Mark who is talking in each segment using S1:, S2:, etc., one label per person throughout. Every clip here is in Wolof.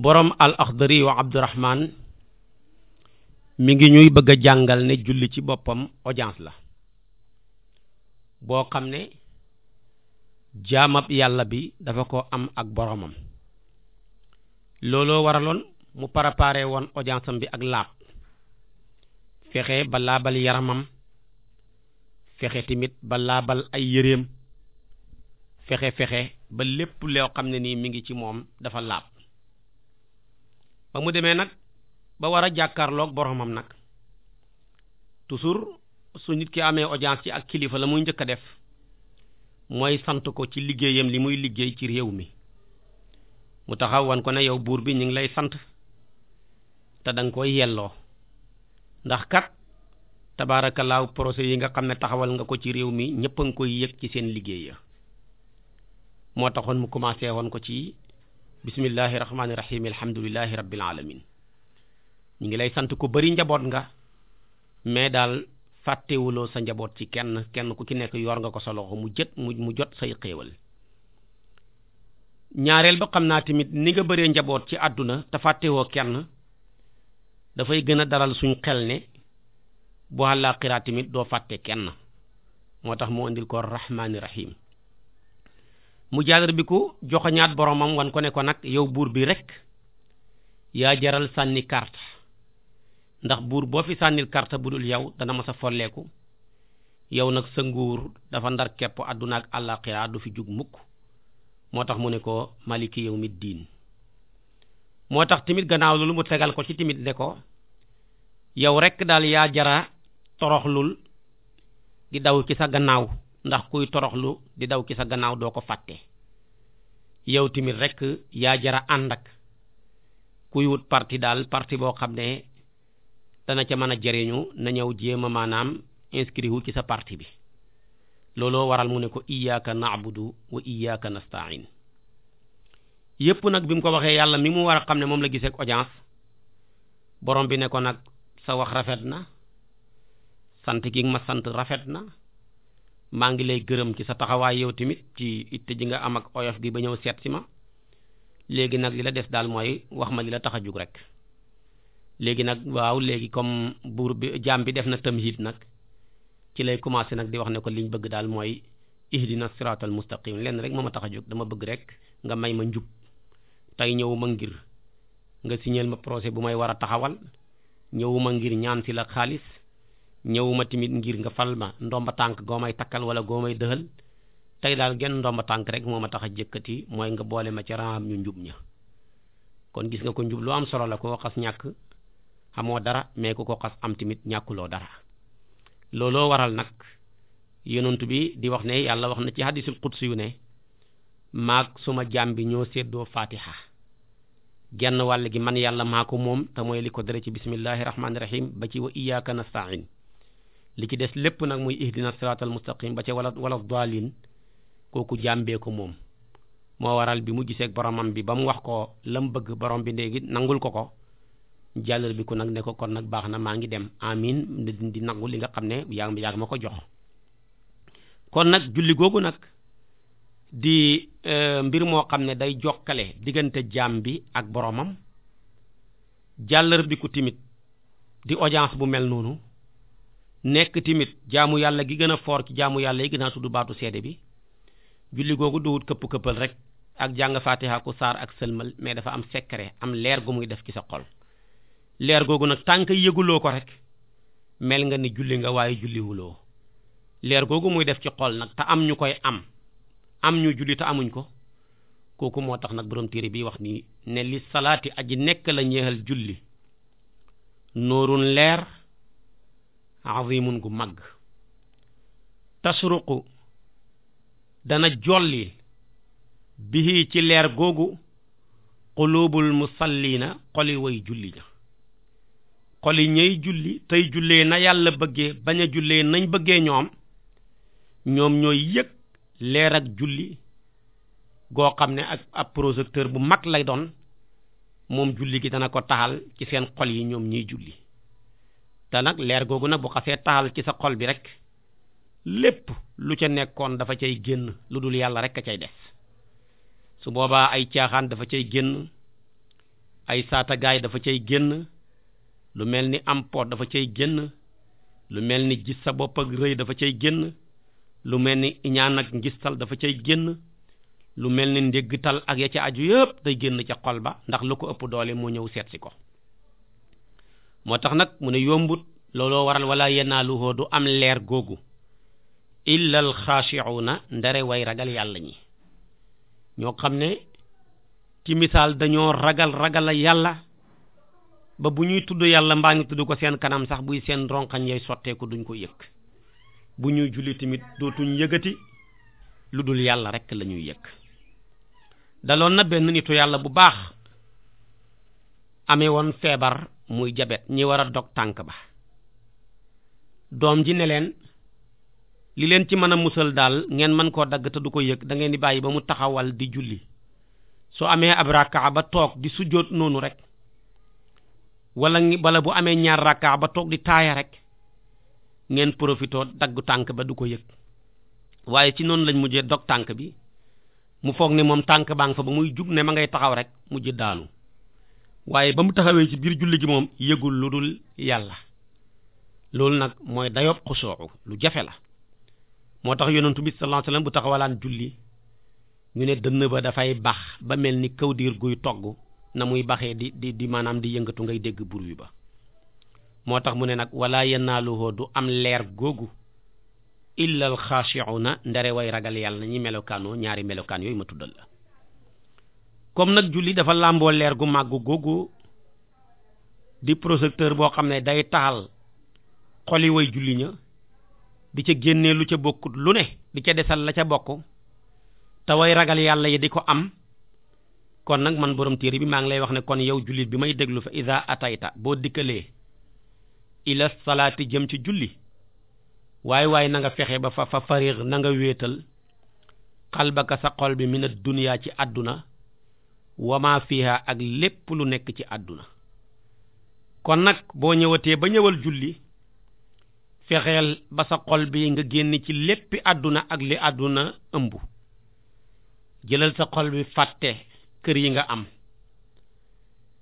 S1: boroom al axdari wa abdurahman mi ngi ñuy bëgg a jàngal ne julli ci boppam audience la boo xam ne jaamab yàlla bi dafa ko am ak boroomam looloo waraloon mu préparé woon audience bi ak laab fexe ba laabal yaramam fexe tamit ba laabal ay yëreem fexe fexe ba lépp loo xam ne nii mi ngi ci moom dafa laab ba mu demee nag ba war a jàkkaarloog boromam nag toujours su nit ki amee audience ci ak kilifa la muy njëkk a def mooy sant ko ci liggéeyam li muy liggéey ci réew mi mu taxaw wan ko ne yow buur bi ñu ngi lay sant te da nga koy yelloo ndax kat tabaarakallaahu procès yi nga xam ne taxawal nga ko ci réew mi ñëpp a koy yëg ci seen liggéey ya moo taxoon mu commencé woon ko ci bismillahi rahmaani rahim alhamdulillahi rabbil alamin ñu ngi lay sant ku bari njaboot nga mais daal fàttewuloo sa njaboot ci kenn kenn ku ci nekk yor nga ko sa loxo mu jët mu mu jot say xéewal ñaareel ba xam naa tamit ni nga bëree njaboot ci àdduna te fàttewoo kenn dafay gën a daral suñ xel ne bu àllaaxiraa tamit doo fàtte kenn moo tax mu indil ko rahmaani rahim mu jaagar bi ku joxoñaat boromam wan ko ne ko nag yow buur bi rek yaa jaral sànni kart ndax buur boo fi sànnil kart bu dul yow dana ma sa folleeku yow nag sa nguur dafa ndar kepp àdduna ak du fi jug mukk moo tax mu ne ko maliki yow mi diin moo tax tamit gannaaw lu mu tegal ko ci tamit ne ko yow rekk daal yaa jara toroxlul di daw ci sa gannaaw ndax kuy toroxlu di daw ci sa gannaaw doo ko fàtte yow tamit rek yaa jara ànd ak kuy wut parti daal parti boo xam ne dana ca mën a jariñu na ñëw jéem a maanaam inscrit wu ci sa parti bi looloo waral mu ne ko iyyaka na'budu wa iyyaka nasta'in yépp nag bi mu ko waxee yàlla mi mu war a xam ne moom la gisee ak audience borom bi ne ko nag sa wax rafet na sant gi ma sant rafet na maa ngi lay gërëm ci sa taxawaay yow tamit ci itte ji nga am ak oyof gi ba ñëw seet si ma léegi nag li la des daal mooy wax ma li la tax a jug rek léegi nag waaw léegi comme buur bi jaam bi def na tamhid nag ci lay commencé nag di wax ne ko liñ bëgg daal mooy ihdina siratal mustaqim lenn rek moo tax a jóg dama bëgg rek nga may ma njub tey ñëwuma ngir nga signal ma projet bu may war a taxawal ñëwuma ngir ñaan si la xaalis ñëwuma tamit ngir nga fal ma ndomba tànk goo may takkal wala goo may dëxal tey daal genn ndomba tànk rek moom a tax a jëkkati mooy nga boole ma ci raam ñu njub ña kon gis nga ko njub lu am solo la ko xas ñàkk xamoo dara mais ku ko xas am tamit ñàkkuloo dara looloo waral nag yonent bi di wax ne yàlla wax na ci hadisul qudsi yu ne maag suma jaam bi ñoo séddoo fatiha genn wàll gi man yàlla maa ko moom te mooy li ko dara ci bismillahi rahmaani rahim ba ci wa iyyaka nasta'in li ci des lépp nag muy ihdina siraatal mustaqim ba ca wala wala daalin kooku jàmbee ko moom moo waral bi mu giseeg boromam bi ba mu wax ko lam bëgg boroom bi léegi nangul ko ko jàllal bi nag ne ko kon nag baax na maa ngi dem amin di nangu li nga xam ne yaa yaa ma ko jox kon nag julli googu nag di e, mbir moo xam ne day jokkale diggante jaam bi ak boroomam jàllar bi timit di audience bu mel noonu nekk tamit jaamu yàlla gi gën a foor ci jaamu yàlla yi gënaa tudd baatu seede bi julli googu duwut këpp-këppal rek ak jàng fatiha saar ak sëlmal mais dafa am secret am leer gu muy def ci sa xol leer googu nag tànk yëguloo ko rek mel nga ni julli nga waaye julliwuloo leer googu muy def ci xol nag te am ñu koy am am ñu julli te amuñ ko kooku moo tax nag borom téere bi wax ni ne li salaati aji nekk la ñeexal julli noorun leer azimun gu mag tasruqu dana jolli bihi ci leer googu qulubul musallina xoli way julli ña xoli ñay julli tey jullee na yàlla bëggee bañ a jullee nañ bëggee ñoom ñoom ñooy yëg leer ak julli goo xam ne ak ab projecteur bu mag lay doon moom julli gi dana ko taxal ci seen xol yi ñoom ñiy julli te nag leer googu nag bu xasee taal ci sa xol bi rek lépp lu ca nekkoon dafa cay génn lu dul yàlla rek a cay des su boobaa ay caaxaan dafa cay génn ay saatagaay dafa cay génn lu mel ni am poot dafa cay génn lu mel ni gis sa bopp ak rëy dafa cay génn lu mel ni iñaan ak dafa cay génn lu mel ni ndégg tal ya ca aju yëpp day génn ca xol ba ndax lu ko ëpp doole mu ñëw seet si ko moo tax nag mu ne yombut looloo waral wala yenaaluhoo du am leer googu illal xaashi'una ndare way ragal yàlla ñi ñoo xam ne ci misaal dañoo ragal ragal yàlla ba bu ñuy tudd yàlla mbaa ngi tudd ko seen kanam sax buy seen ronqañ yay sotteeku duñ koy yëg bu ñuy julli tamit dootuñ yëgati lu dul yàlla rek la ñuy yëg daloon na benn nitu yàlla bu baax amee woon feebar muy jabet ñi war a dog tànk ba doom ji ne leen li leen ci mën a musal daal ngeen mën koo dagg te du ko yëg da ngeen di bàyyi ba mu taxawal di julli su amee ab rakka ba toog di sujjóot noonu rek wala bala bu amee ñaar rakka ba toog di taaya rek ngeen profitoo daggu tànk ba du ko yëg waaye ci noonu lañ mujjee dog tànk bi mu foog ne moom tànk baa nga fa ba muy jub ne ma ngay taxaw rek mujj daanu waaye ba mu taxawee ci biir julli gi moom yëgul lu dul yàlla loolu nag mooy dayob xusoocu lu jafe la moo tax yonentu bi sallallahu alayhi bu taxawalaan julli ñu ne dënn ba dafay bax ba mel ni kawdiir guy togg na muy baxee di di di maanaam di yëngatu ngay dégg bur wi ba moo tax mu ne nag wala yanaaluhoo du am leer googu illal xaashi'una ndere way ragal yàlla ñi melokaanoo ñaari melokaan yooyu ma tuddal la comme nag julli dafa lamboo leer gu màgg googu di projecteur boo xam ne day taal xoli way julli ña di ca génnee lu ca bokkut lu ne di ca desal la ca bokk te way ragal yàlla yi di ko am kon nag man borom téere bi maa ngi lay wax ne kon yow jullit bi may déglu fa iza atayta boo dikkalee ila salaati jëm ci julli waaye waaye na nga fexe ba fa fa fariir na nga wéetal xalbaka sa xol bi mu ad dunya ci àdduna wama fiha ak lépp lu nekk ci àdduna kon nag boo ñëwatee ba ñëwal julli fexeel ba sa xol bi nga génn ci léppi àdduna ak li àdduna ëmb jëlal sa xol bi fàtte kër yi nga am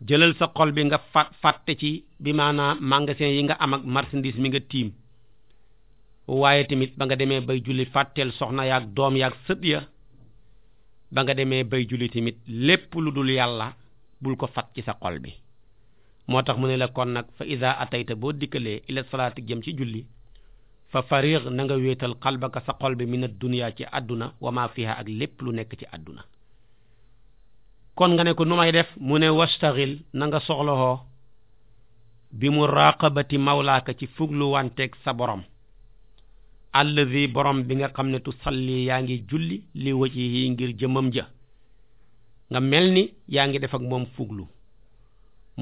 S1: jëlal sa xol bi nga fàtte ci bi maanaam magasin yi nga am ak marchandise mi nga tiim waaye tamit ba nga demee bay julli fàtteel soxna yaag doom yaag sët ya ba nga demee bay julli tamit lépp lu dul yàlla bul ko fat ci sa xol bi moo tax mu ne la kon nag fa ida atayta boo dikkalee ila salaati jëm ci julli fa fariir na nga wéetal xalbaka sa xol bi mi na dunya ci àdduna wa ma fiha ak lépp lu nekk ci àdduna kon nga ne ko nu may def mu ne wastaxil na nga soxlawoo bi mu raqabati mawlaaka ci fuglu wanteeg sa borom allazi borom bi nga xam ne tu salli yaa ngiy julli li waji yi ngir jëmmam ja nga mel ni yaa ngi def ak moom fuglu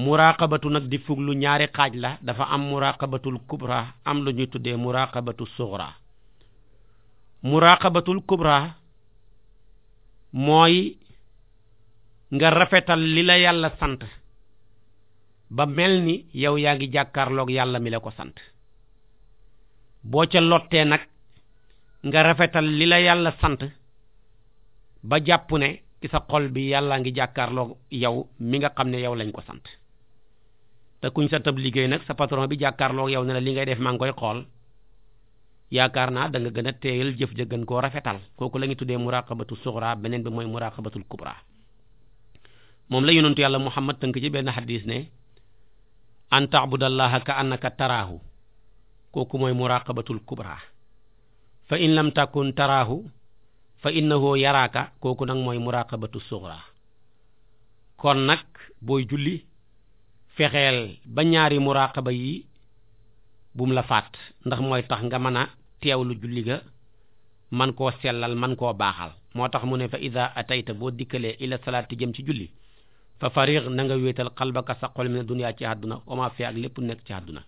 S1: muraqabatu nag di fuglu ñaari xaaj la dafa am muraqabatul kubra am lu ñuy tuddee muraqabatu sughra muraqabatul kubra mooy nga rafetal li la yàlla sant ba mel ni yow yaa ngi jàkkaarloog yàlla mi la ko sant boo ca lottee nag nga rafetal li la yàlla sant ba jàpp ne ci sa xol bi yàllaa ngi jàkkaarloo yow mi nga xam ne yow lañ ko sant te kuñ sa tab liggéey nag sa patron bi jàkkaarloo yow ne la li ngay def maa ngi koy xool yaakaar naa da nga gën a teeyal jëf ja gën koo rafetal kooku lañuy tuddee muraqabatu sughra beneen bi mooy muraqabatul kubra moom la yonentu yàlla muhammad tënk ci benn xadis ne an ta'budallaha ka annaka taraaxu kooku mooy muraqabatul kubra fa in lam takun taraahu fa innahu yaraaka kooku nag mooy muraqabatu sughra kon nag booy julli fexeel ba ñaari muraqaba yi bum la faat ndax mooy tax nga mën a teewlu julli ga man koo sellal man koo baaxal moo tax mu ne fa a atayta boo dikkalee ila salaati jëm ci julli fa fariq na nga wéetal xalbaka sa xol mi ne duniyaa ci àdduna oma fee ak lépp nekk ci àdduna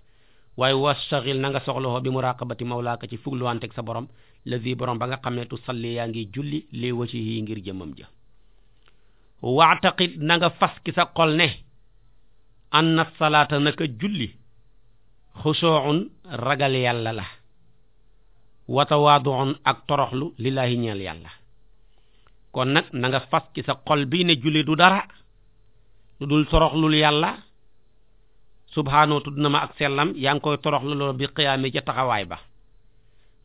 S1: waaye wastaxil na nga soxlawoo bi muraqabati mawlaaka ci fugluwanteeg sa borom lazi borom ba nga xam ne tu salli yaa ngiy julli li wajhihi ngir jëmmam ja waataqid na nga fas ki sa xol ne anna salaata naka julli xushuun ragal yàlla la wa tawaaduun ak toroxlu lillaahi ñeel yàlla kon nag na fas ci sa xol bi ne julli du dara lu dul toroxlul yàlla subhaanoo tudd na ma ak sellam yaa ngi koy torox la loolu bi xiyaamee ca taxawaay ba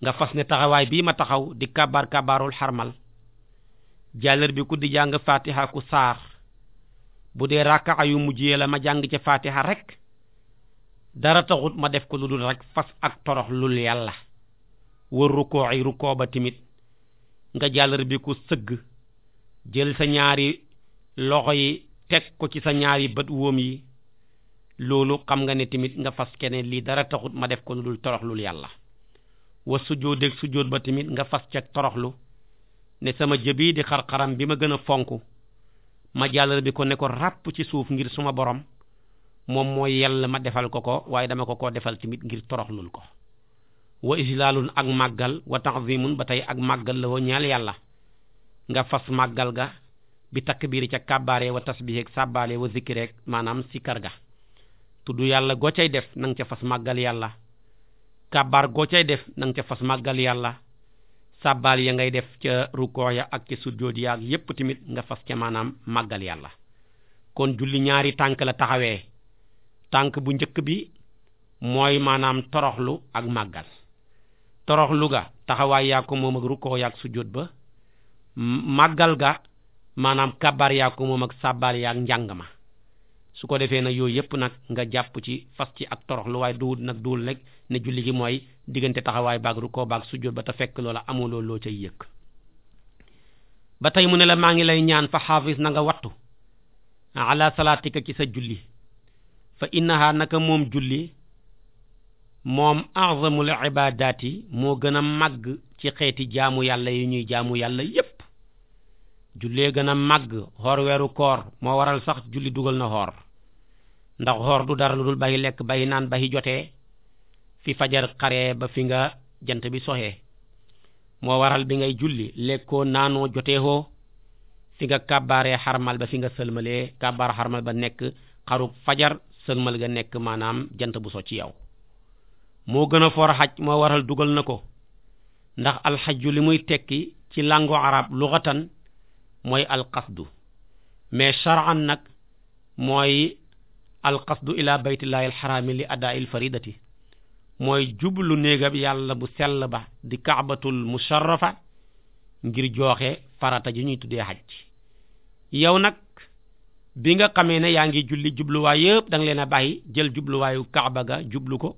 S1: nga fas ne taxawaay bii ma taxaw di kabaar kabaarul xarmal jàllar bi ku di jàng fatiha ku saar bu dee ràkkaa yu mujjee la ma jàng ca fatiha rek dara taxut ma def ko lu dul rek fas ak torox lul yàlla wër rukkoo ay rukkoo ba timit nga jàllar bi ku sëgg jël sa ñaari loxo yi teg ko ci sa ñaari bët woom yi loolu xam nga ne tamit nga fas keneen lii dara taxut ma def ko lu dul toroxlul yàlla wa sujjóot ak sujjóot ba tamit nga fas ceeg toroxlu ne sama jëbii di xar bi ma gën a fonk ma jàllal bi ko ne ko ràpp ci suuf ngir suma borom moom mooy yàlla ma defal ko ko waaye dama ko ko defal tamit ngir toroxlul ko wa islaalun ak màggal wa ta'zimun ba tey ak màggal la woo ñaal yàlla nga fas màggal ga bi takk biir ca kàbbaare wa tasbiheeg sàbbaale wa zikkireeg maanaam sikkar ga tudd yàlla goo cay def na nga ca fas màggal yàlla kàbbaar goo cay def na nga ca fas màggal yàlla sàbbaal ya ngay def ca rukkoo ya ak ca sujjóot ya yépp tamit nga fas ca maanaam màggal yàlla kon julli ñaari tànk la taxawee tànk bu njëkk bi mooy maanaam toroxlu ak màggal toroxlu ga taxawaay yaa ko moom ak rukkoo ya ak sujjóot ba màggal ga maanaam kàbbaar yaa ko moom ak sàbbaal ya ak njàng ma su ko defee nag yooyu yëpp nag nga jàpp ci fas ci ak torox lu waaye duwul nag duwul rek ne julli gi mooy diggante taxawaay baag rukkoo baag sujjóot ba te fekk loola amuloo loo cay yëg ba tey mu ne la maa ngi lay ñaan fa xaafis na nga wattu ala salaatika ci sa julli fa na naka moom julli moom azamul ibadaati moo gën a màgg ci xeeti jaamu yàlla yi ñuy jaamu yàlla yépp jullee gën a màgg xoor weeru koor moo waral sax julli dugal na xoor ndax xoor du dara lu dul bàyyi lekk bay naan bàyyi jotee fi fajar xaree ba fi nga jant bi soxee moo waral bi ngay julli lekkoo naanoo joteewoo fi nga kàbbaaree xarmal ba fi nga sëlmalee kàbbaar xarmal ba nekk xarub fajar sëlmal ga nekk maanaam jant bu so ci yow moo gën a for xaj moo waral dugal na ko ndax alxaju li muy tekki ci lango arab luxatan mooy alqasdu mais charan nag mooy alqasdu ila baytillahi alxaraami li adaa'il faridati mooy jublu néegab yàlla bu sell ba di kaabatul musharrafa ngir jooxe farata ji ñuy tuddee xaj yow nag bi nga xamee ne yaa ngi julli jubluwaay yëpp leen a bàyyi jël jubluwaayu kaaba jublu ko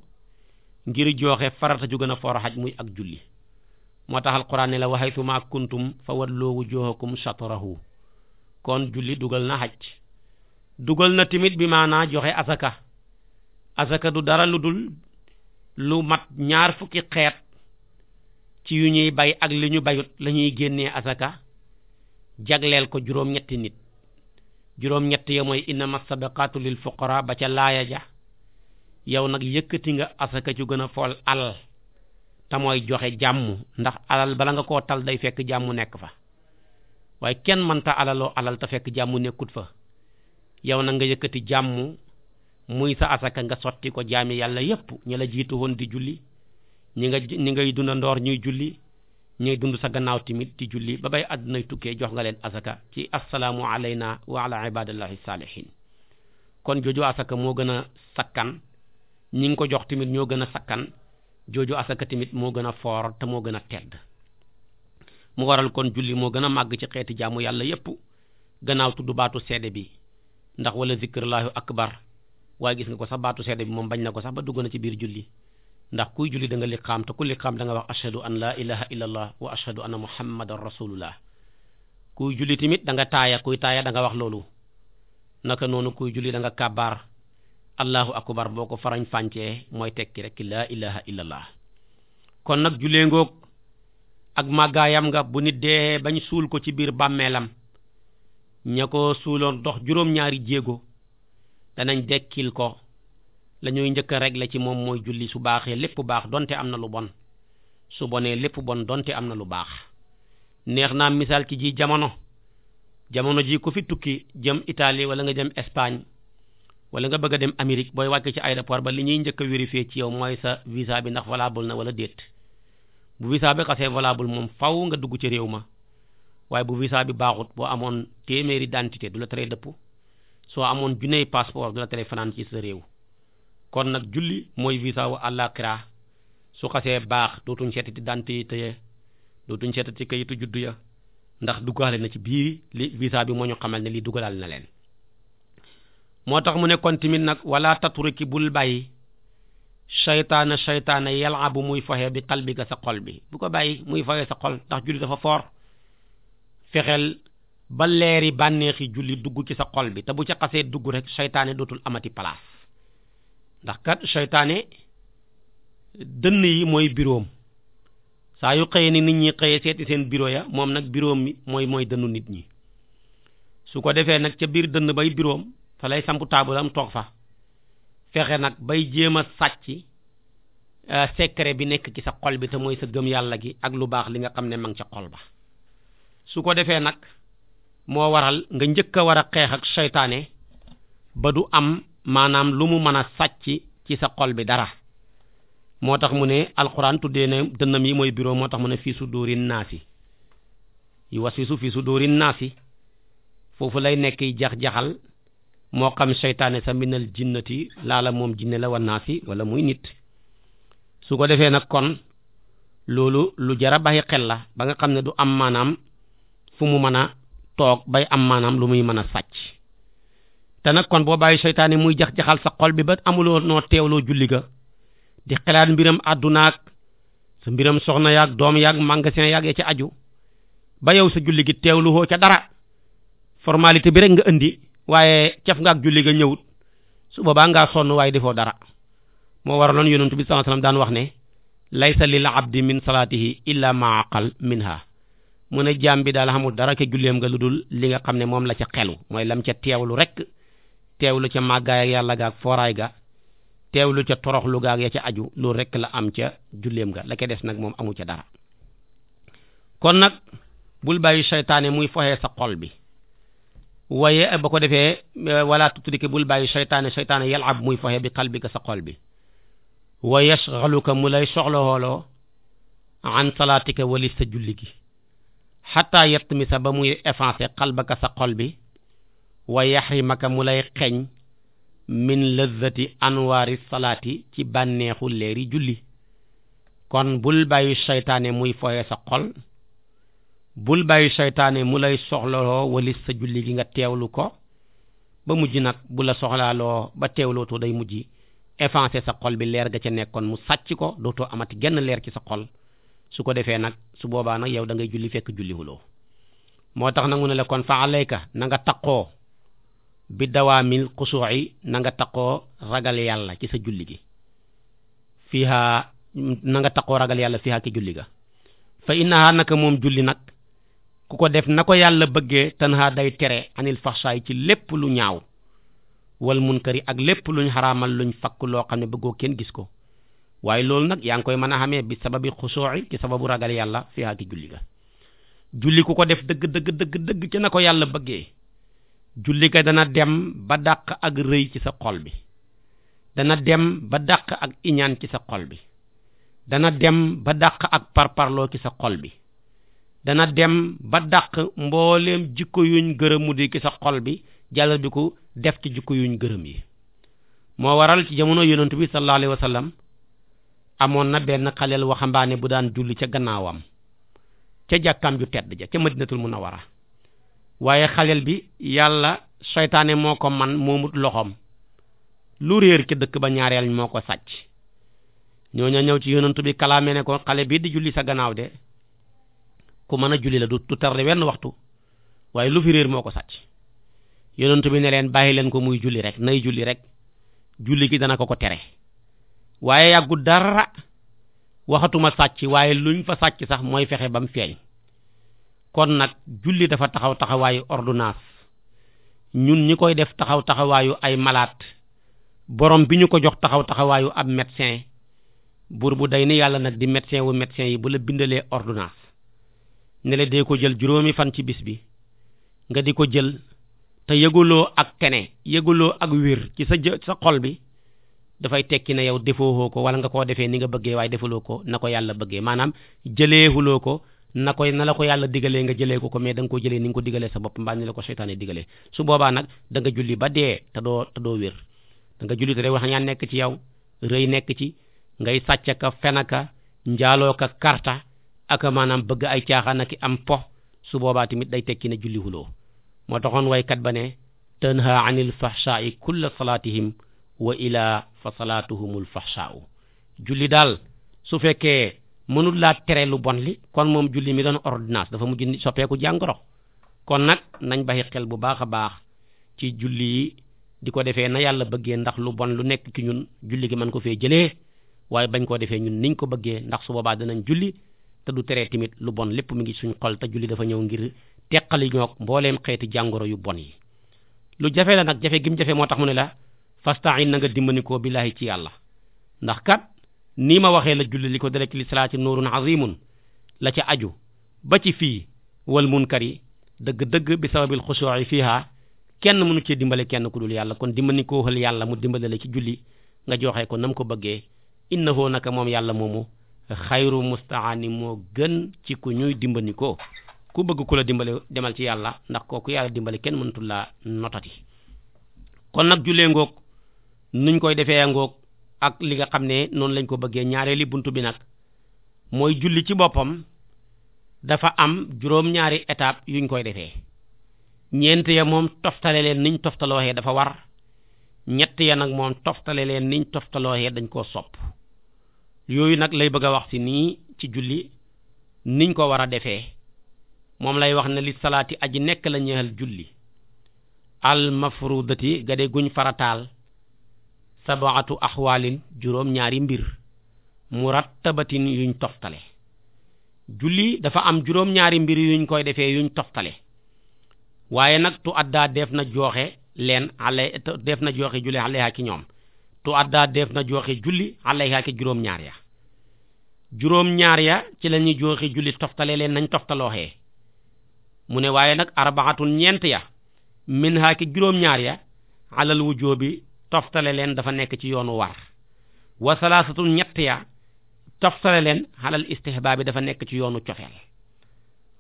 S1: ngir jooxe farata ju gën a muy ak julli moo tax alquran la wa haythu kuntum fa walloo wujuhakum shatrahu kon julli dugal na xaj dugal na tamit bi maa naa joxe asaka asaka du dara lu dul lu mat ñaar fukki xeet ci yu ñuy bay ak li ñu bayut lañuy génnee asaka jagleel ko juróom ñetti nit juróom ñett ya mooy innama sadaqatu lil fuqara ba ca laaya ja yow nag yëkkati nga asaka ci gën a fool alal te mooy joxe jàmm ndax alal bala nga ko tal day fekk jàmmu nekk fa waaye kenn mënta alaloo alal te fekk jàmm nekkut fa yow nag nga yëkkati jàmm muy sa asaka nga sotti ko jaami yàlla yëpp ñi la jiitu woon di julli ñi nga ni ngay dund ndoor ñuy julli ñuy dund sa gannaaw timit di julli ba bay àddunay tukkee jox nga leen asaka ci assalaamu alayna wa ala ibadillahi moo gën a sakkan ñi ngi ko jox tamit ñoo gën a sakkan jooju asaka tamit moo gën a foor te moo gën a tedd mu waral kon julli moo gën a màgg ci xeeti jàmm yàlla yépp gannaaw tudd baatu seede bi ndax wala zikrullahu akbar waaye gis nga ko sax baatu seede bi moom bañ na ko sax ba dugg na ci biir julli ndax kuy julli da nga liqaam te ku liqaam da nga wax ashhadu an laa ilaha illa allah wa ashhadu anna muhammadan rasulullah kuy julli tamit da nga taaya kuy taaya danga wax loolu naka noonu kuy julli danga nga kàbbaar allahu akbar boo ko farañ fàncee mooy tekki rek laa ilaha illa kon nag jullee ngoog ak màggaayam nga bu nit dee bañ suul ko ci biir bàmmeelam ña ko suuloon dox juróom-ñaari jéego danañ dekkil ko la ñuy njëkk a régler ci moom mooy julli su baaxee lépp bu baax donte am na lu bon su bonee lépp bon donte am na lu baax neex naa misaal ci ji jamono jamono ji ku fi tukki jëm Italie wala nga jëm Espagne wala nga bëgg a dem Amérique booy wàcc ci aéroport ba li ñuy njëkk wérifier ci yow mooy sa visa bi ndax valable na wala déet bu visa bi xasee valable moom faw nga dugg ci réew ma waaye bu visa bi baaxut boo amoon téeméeri identité du la teree dëpp soo amoon junney passeport du la teree fanaan ci sa réew kon nag julli mooy visa wu àllaaxira su xasee baax dootuñ seetati identité ya dootuñ seetati kayitu juddu ndax duggaale na ci biir li visa bi moo ñu xamal ne li dugalaal na leen moo tax mu ne kon tamit nag wala tatruki bul bàyyi seytaana seytaana yalabu muy foxe bi qalbika sa xol bi bu ko bàyyi muy foxe sa xol ndax julli dafa foor fexeel ba leeri bànneexi julli dugg ci sa xol bi te bu ca xasee dugg rek seytaane dootul amati place ndax kat seytaane dënn yi mooy biroom saa yu xëyee ni nit ñi xëyee seeti seen bureau ya moom nag bureau mooy mooy dënnu nit ñi su ko defee nag ca biir dënn bay bureau fa lay sampu taabalam toog fa fexe nag bay jéem a sàcc euh, secret bi nekk ci sa xol bi te mooy sa gëm yàlla gi ak lu baax li nga xam ne ma ca xol ba su ko defee nag moo waral nga njëkk a war a xeex ak seytaane ba du am maanaam lu mu mën a sàcc ci sa xol bi dara moo tax mu ne alxuraan tuddee ne dënnam yi mooy bureau moo tax mu ne fii su dóori naasi yu wasisu fii su dóori naasi foofu lay nekk jax-jaxal moo xam seytaane sa minal jinnati laala moom jinne la wa naasi wala muy nit su ko defee nag kon loolu lu jara baxi xel la ba nga xam ne du am maanaam fu mu mën a toog bay am maanaam lu muy mën a sàcc te nag kon boo bàyyi seytaane muy jax-jaxal sa xol bi ba amuloo noo teewloo julli ga di xalaat mbiram àddunaak sa mbiram soxna yaag doom yaag magasin yaag ya ca aju ba yow sa julli gi teewluwoo ca dara formalité bi rek nga indi waaye cef ngaa ak julli ga ñëwut su boobaa ngaa sonn waaye defoo dara moo waraloon yonent bi sallallahu alayhi daan wax ne laysa lil abdi min salaatihi illa ma aqal minha mu ne jaam bi daal xamul dara ke julleem nga lu dul li nga xam ne moom la ca xelu mooy lam ca teewlu rek lu ca màggaay ak yàlla gaag fooraay ga teewlu ca toroxlu gaag ya ca aju loolu rek la am ca julleem ga la ca des nag moom amu ca dara kon nag bul bàyyi seytaane muy foxee sa xol bi waaye ba ko defee wala tutrike bul bàyyi seytaane seytaane yalab muy foxee bi xal bi sa xol bi wa yashghaluka mu lay soxla xooloo an salaatika walis sa julli xataa yett mi sa ba muy effacer xalbaka sa xol bi wa yaxrimaka mu lay xeeñ min lëzzati anwaari salaati ci bànneexu leeri julli kon bul bàyyi saytaane muy foye sa xol bul bàyyi seytaane mu lay soxlaloo walis sa julli gi nga teewlu ko ba mujj nag bu la soxlaaloo ba teewlootoo day mujj effacer sa xol bi leer ga ca nekkoon mu sàcc ko dootoo amati genn leer ci sa xol su ko defee nag su boobaa nag yow da ngay julli fekk julli julliwuloo moo tax nag mu ne la kon fa alayka na nga taqoo bi dawaamil xusuuci nanga nga taqoo ragal yàlla ci sa julli gi fiiha na ragal yàlla fiiha ki julli ga fa innaha naka moom julli nag ku ko def na ko yàlla bëggee tanha day tere anil faxsaay ci lépp lu ñaaw wal munkari ak lépp luñ xaraamal luñ fakk loo xam ne bëggoo kenn gis ko waaye loolu nag yaa ngi koy mën a xamee bi sababi xusuu'i ci sababu ragal yàlla fi ci julli ga julli ku ko def dëgg dëgg dëgg ci na ko yàlla bëggee julli ga dana dem ba dàq ak rëy ci sa xol bi dana dem ba dàq ak iñaan ci sa xol bi dana dem ba dàq ak parparloo ci sa xol bi dana dem ba dàq mboolem jikko yuñ gërëmu di ci sa xol bi jàllal bi ko def ci jikko yuñ gërëm yi moo waral ci jamono yonent bi sallallahu alayhi wa amoon na benn xaleel waxambaane bu daan julli ca gannaawam ca jàkkaam ju tedd ja ca madinatul munawara waaye xaleel bi yàlla soytaane moo ko man moomut loxoom lu réer ca dëkk ba ñaareel moo ko sàcc ñooñu ñëw ci yonantu bi kalaame ne ko xale bii di julli sa gannaaw de ku mën a julli la du du tarde wenn waxtu waaye lu fi réer moo ko sàcc yonantu bi ne leen bàyyi leen ko muy julli rek nay julli rek julli gi dana ko ko tere waaye yàggu dara waxatuma sàcc waaye luñ fa sàcc sax mooy fexe ba mu feeñ kon nag julli dafa taxaw taxawaayu ordonnance ñun ñi koy def taxaw taxawaayu ay malaat borom bi ñu ko jox taxaw taxawaayu ab médecin buur bu day ni yàlla nag di médecin wu médecin yi bu la bindalee ordonnance ne la dee ko jël juróomi fan ci bis bi nga di ko jël te yëguloo ak kene yëguloo ak wér ci sa jë sa xol bi dafay tekki ne yow defoohoo ko wala nga koo defee ni nga bëggee waaye defuloo ko na ko yàlla bëggee maanaam jëleehuloo ko na koy na la ko yàlla digalee nga jëlee ko ko mais da nga ko jëlee ni nga ko digalee sa bopp mbaa ni la ko seytaane digalee su boobaa nag da nga julli ba dee te doo te doo wér da nga julli te day wax ñaan nekk ci yow rëy nekk ci ngay sàcc ka fenaka njaaloo ka karta ak maanaam bëgg ay caaxaan ki am po su boobaa tamit day tekki ne julli huloo moo taxoon waykat ba ne wa ilaa fa salaatuhumul fahsaau julli daal su fekkee mënul laa tere lu bon li kon moom julli mi doon ordonnance dafa mujj soppeeku jàngoro kon nag nañ bàyyi xel bu baax a baax ci julli yi di ko defee na yàlla bëggee ndax lu bon lu nekk ci ñun julli gi mën ko fee jëlee waaye bañ koo defee ñun niñ ko bëggee ndax su boobaa danañ julli te du teree tamit lu bon lépp mu ngi suñ xol te julli dafa ñëw ngir teqali ñoog mbooleem xeeti jàngoro yu bon yi lu jafe la fastain na nga dimbanikoo billaahi ci yàlla ndax kat nii ma waxee la julli li ko dale ci li salaati nuurun azimun la ca aju ba ci fii wal munkari dëgg-dëgg bi sababil xusuu'i fiiha kenn mënu cee dimbale kenn ku dul yàlla kon koo xal yàlla mu dimbale la ci julli nga joxe ko nam ko bëggee innahu naka moom yàlla moomu xayru ni moo gën ci ku ñuy ko ku bëgg ko la dimbale demal ci yàlla ndax kooku yàlla dimbali kenn mënatul laa notati kon nuñ koy defee ngoog ak li nga xam ne noonu lañ ko bëggee ñaareeli bunt bi nag mooy julli ci boppam dafa am juróom-ñaari étape yuñ koy defee ñeent ya moom toftale leen niñ toftalooxee dafa war ñett ya nag moom toftale leen niñ toftalooxee dañ koo sopp yooyu nag lay bëgg a wax ci nii ci julli niñ ko war a defee moom lay wax ne li salaati aji nekk la ñeexal julli al mafrudati ga de guñ taal sabaatu axwaalin juróom-ñaari mbir murattabatin yuñ toftale julli dafa am juróom-ñaari mbir yuñ koy defee yuñ toftale waaye nag tu addaa def na jooxe leen alay def na jooxe julli alayha ñoom tu addaa def na jooxe julli alayha ki juróom-ñaar ya juróom-ñaar ya ci la ñuy jooxe julli toftale leen nañ toftalooxee mu ne waaye nag arbaatun ñeent ya min ha juróom-ñaar ya alal wujoobi toftale leen dafa nekk ci yoonu war wa salaasatun ñett ya toftale leen xalal istihbaabi dafa nekk ci yoonu cofeel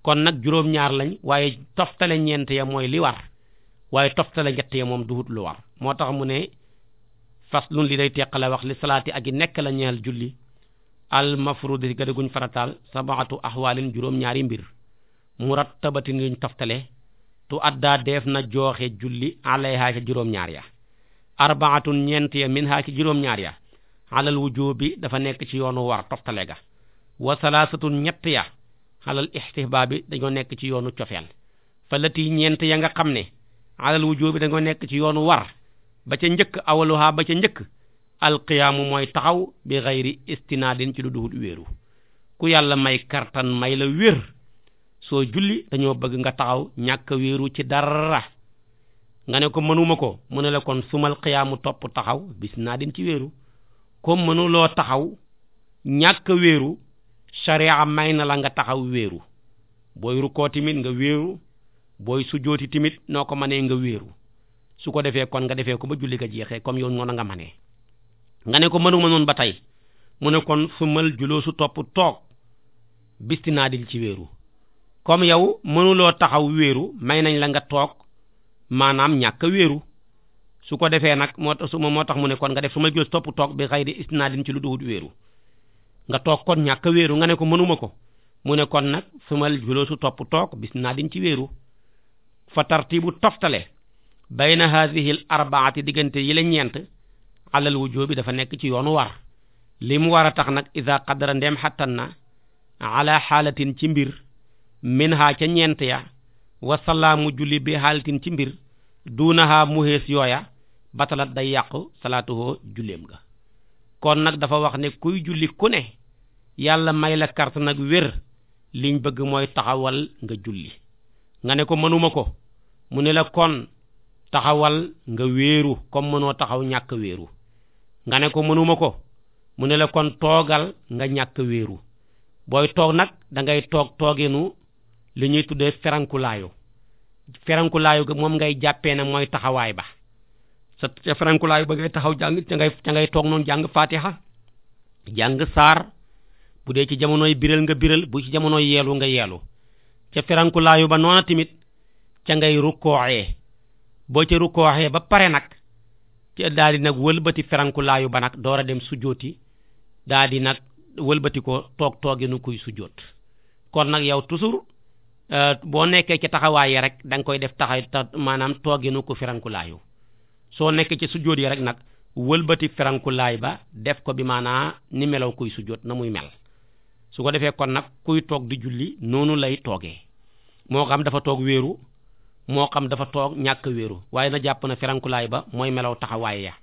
S1: kon nag juróom-ñaar lañ waaye toftale ñeent ya mooy li war waaye toftale ñett ya moom duhut lu war moo tax mu ne faslun li day teqale wax li salaati ak yi nekk la ñeel julli al mafrudi gade guñ farataal sabaatu ahwaalin juróom-ñaari mbir murattabatin yuñ toftale tu addaa def na jooxe julli alayha ca juróom-ñaar ya arbaatun ñeent ya min ci juróom-ñaar ya alal wujubi dafa nekk ci yoonu war toftale ga wa salaasatun ñett ya alal istihbaabi dañoo nekk ci yoonu cofeel falati ñeent ya nga xam ne alal bi dañoo nekk ci yoonu war ba ca njëkk awaluha ba ca njëkk alqiyaamu mooy taxaw bi xayri istinaadin ci lu duhut wéeru ku yàlla may kartan may la wér soo julli dañoo bëgg nga taxaw ñàkk wéeru ci dara nga ne ko mënuma ko mu ne la kon sumal xiyaamu topp taxaw bis naa din ci wéeru comme mënuloo taxaw ñàkk wéeru sharia may na la nga taxaw wéeru booy rukkoo timit nga wéeru booy sujooti timit noo ko mënee nga wéeru su ko defee kon nga defee ko ba julli ga jeexee comme yow noonu nga mënee nga ne ko mënuma noonu ba tey mu ne kon sumal juloo su topp toog bis naa din ci wéeru comme yow mënuloo taxaw wéeru may nañ la nga toog maanaam ñàkk weeru su ko defee nag moo tax moo tax mu ne kon nga def su ma gis topp toog bi xëy di isnaadin ci lu duhut wéeru nga toog kon ñàkk a nga ne ko mënuma ko mu ne kon nag sumal juloosu topp toog naa din ci wéeru fa tartibu toftale bayna haadihi arbaati diggante yi la ñeent alal wujoobi dafa nekk ci yoonu war li mu war a tax nag ida qadara ndem xattan na ala xaalatin ci mbir min ha ca ñeent ya wasalaamu julli bi xaalitin ci mbir duunahaa mu xees yooya batalat day yàqu salaatuhoo julleem ga kon nag dafa wax ne kuy julli ku ne yàlla may la carte nag wér liñ bëgg mooy taxawal nga julli nga ne ko mënuma ko mu ne la kon taxawal nga wéeru comme mënoo taxaw ñàkk wéeru nga ne ko mënuma ko mu ne la kon toogal nga ñàkk wéeru booy toog nag dangay toog tooginu li ñuy tuddee ferankulaayu ferankulaayu ga moom ngay jàppee na mooy taxawaay ba sa ca ferankulaayu ba ngay taxaw jàng ca ngay ca ngay toog noonu jàng fatiha jàng saar bu dee ci jamonoy biral nga biral bu ci jamonoy yeelu nga yeelu ca ferankulaayu ba noona tamit ca ngay rukkooxee boo ca rukkooxee ba pare nag ca di nag wëlbati ferankulaayu ba nag doora a dem sujjooti daal di nag wëlbati ko toog toogi nu kuy sujjoot kon nag yow toujours Euh, boo nekkee ca taxawaay yi rek danga koy def taxay ta maanaam nu ko ferankulaayu soo nekkee ci sujjóot yi rek nag wëlbati ferankulaay ba def ko bi maanaa ni melaw kuy sujjóot na muy mel su ko defee kon nag kuy toog di julli noonu lay toogee moo xam dafa toog wéeru moo xam dafa toog ñàkk wéeru waaye na jàpp na ferankulaay ba mooy melaw taxawaay ya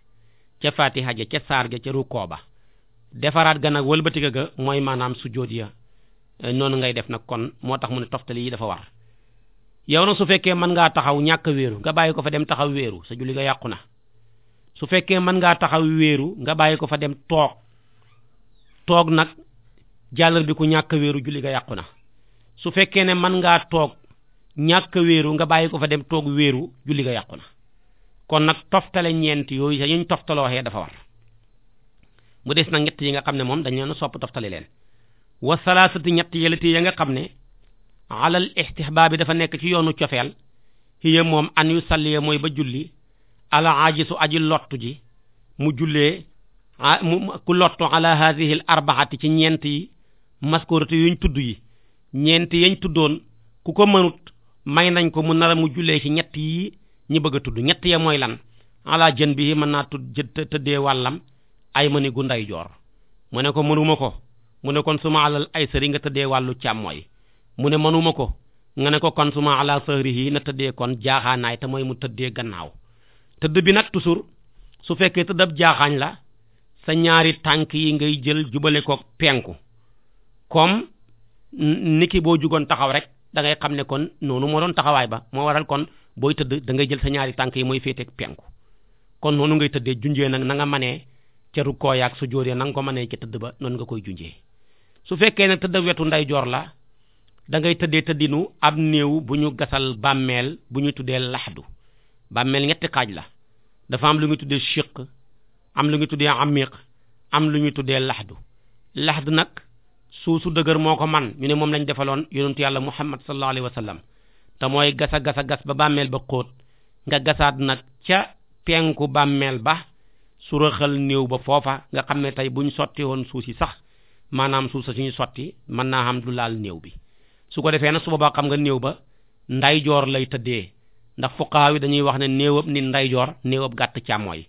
S1: ca fatiha ja ca saar ja ca rukkoo ba defaraat ga nag wëlbati ga mooy maanaam sujjóot ya noonu ngay def nag kon moo tax mu ne toftali yi dafa war yow nag su fekkee mën ngaa taxaw ñàkk weeru nga bàyyi ko fa dem taxaw sa julli yàqu na su fekkee mën ngaa taxaw wéeru nga bàyyi ko fa dem toog toog nag jàllar ñàkk weeru julli nga yàqu na su fekkee ne mën ngaa toog ñàkk wéeru nga bàyyi ko fa dem toog wéeru julli nga yàqu na kon nag toftale ñeent yooyu sa yuñ toftalooxee dafa war mu des nag ñett yi nga xam ne moom dañ leen sopp toftale leen wa salaasati ñett yelati ya nga xam ne alal istihbaabi dafa nekk ci yoonu cofeel hiya moom an yu salliya mooy ba julli ala aajisu aji lottu ji mu jullee ku lottu ala haadihi l ci ñeenti yi maskurati yuñ tudd yi ñeent yañ tuddoon ku ko mënut may nañ ko mu nara mu jullee ci ñetti yi ñi bëgg a tudd ñetti ya mooy lan ala jën bi mën naa tudd jë tëddee wàllam ay mëni gu nday joor mu ne ko mënuma ko mu ne kon suma alal aysari nga tëddee wàllu càmmooy mu ne mënuma ko nga ne ko kon suma ala sahrihi na tëddee kon jaaxaanaay te mooy mu tëddee gannaaw tëdd bi nag toujours su fekkee tëddab jaaxaañ la sa ñaari tànk yi ngay jël jubale ko penku comme niki boo jugoon taxaw rek da ngay ne kon noonu moo doon taxawaay moo waral kon booy tëdd da ngay jël sa ñaari tànk yi mooy féeteeg penku kon noonu ngay tëddee junjee nag na nga manee ca rukkoo yaag su jóoree na nga ko mënee ca tëdd ba noonu nga koy junjee su fekkee ne tëdd wetu ndeyjoor la dangay ngay tëddee tëddinu ab néew bu ñu gasal bàmmeel bu ñu tuddee laxdu bàmmeel ñetti xaaj la dafa am lu ñu tuddee chiq am lu ñu tuddee amiq am lu ñu tuddee laxdu laxdu nag suuf su dëgër moo ko man ñu ne moom lañ defaloon yonentu yàlla muhammad sallallahu alayhi wa sallam te mooy gasa gasa gas ba bàmmeel ba xóot nga gasaat nag ca penku bàmmeel ba suraxal néew ba foofa nga xam ne tey buñ sotti woon suuf yi sax maanaam suuf sa suñu sotti mën naa am du laal néew bi su ko defee nag su boobaa xam nga néew ba ndayjoor lay tëddee ndax fuqaaw yi dañuy wax ne néewab nit ndayjoor néewab gàtt càmmooy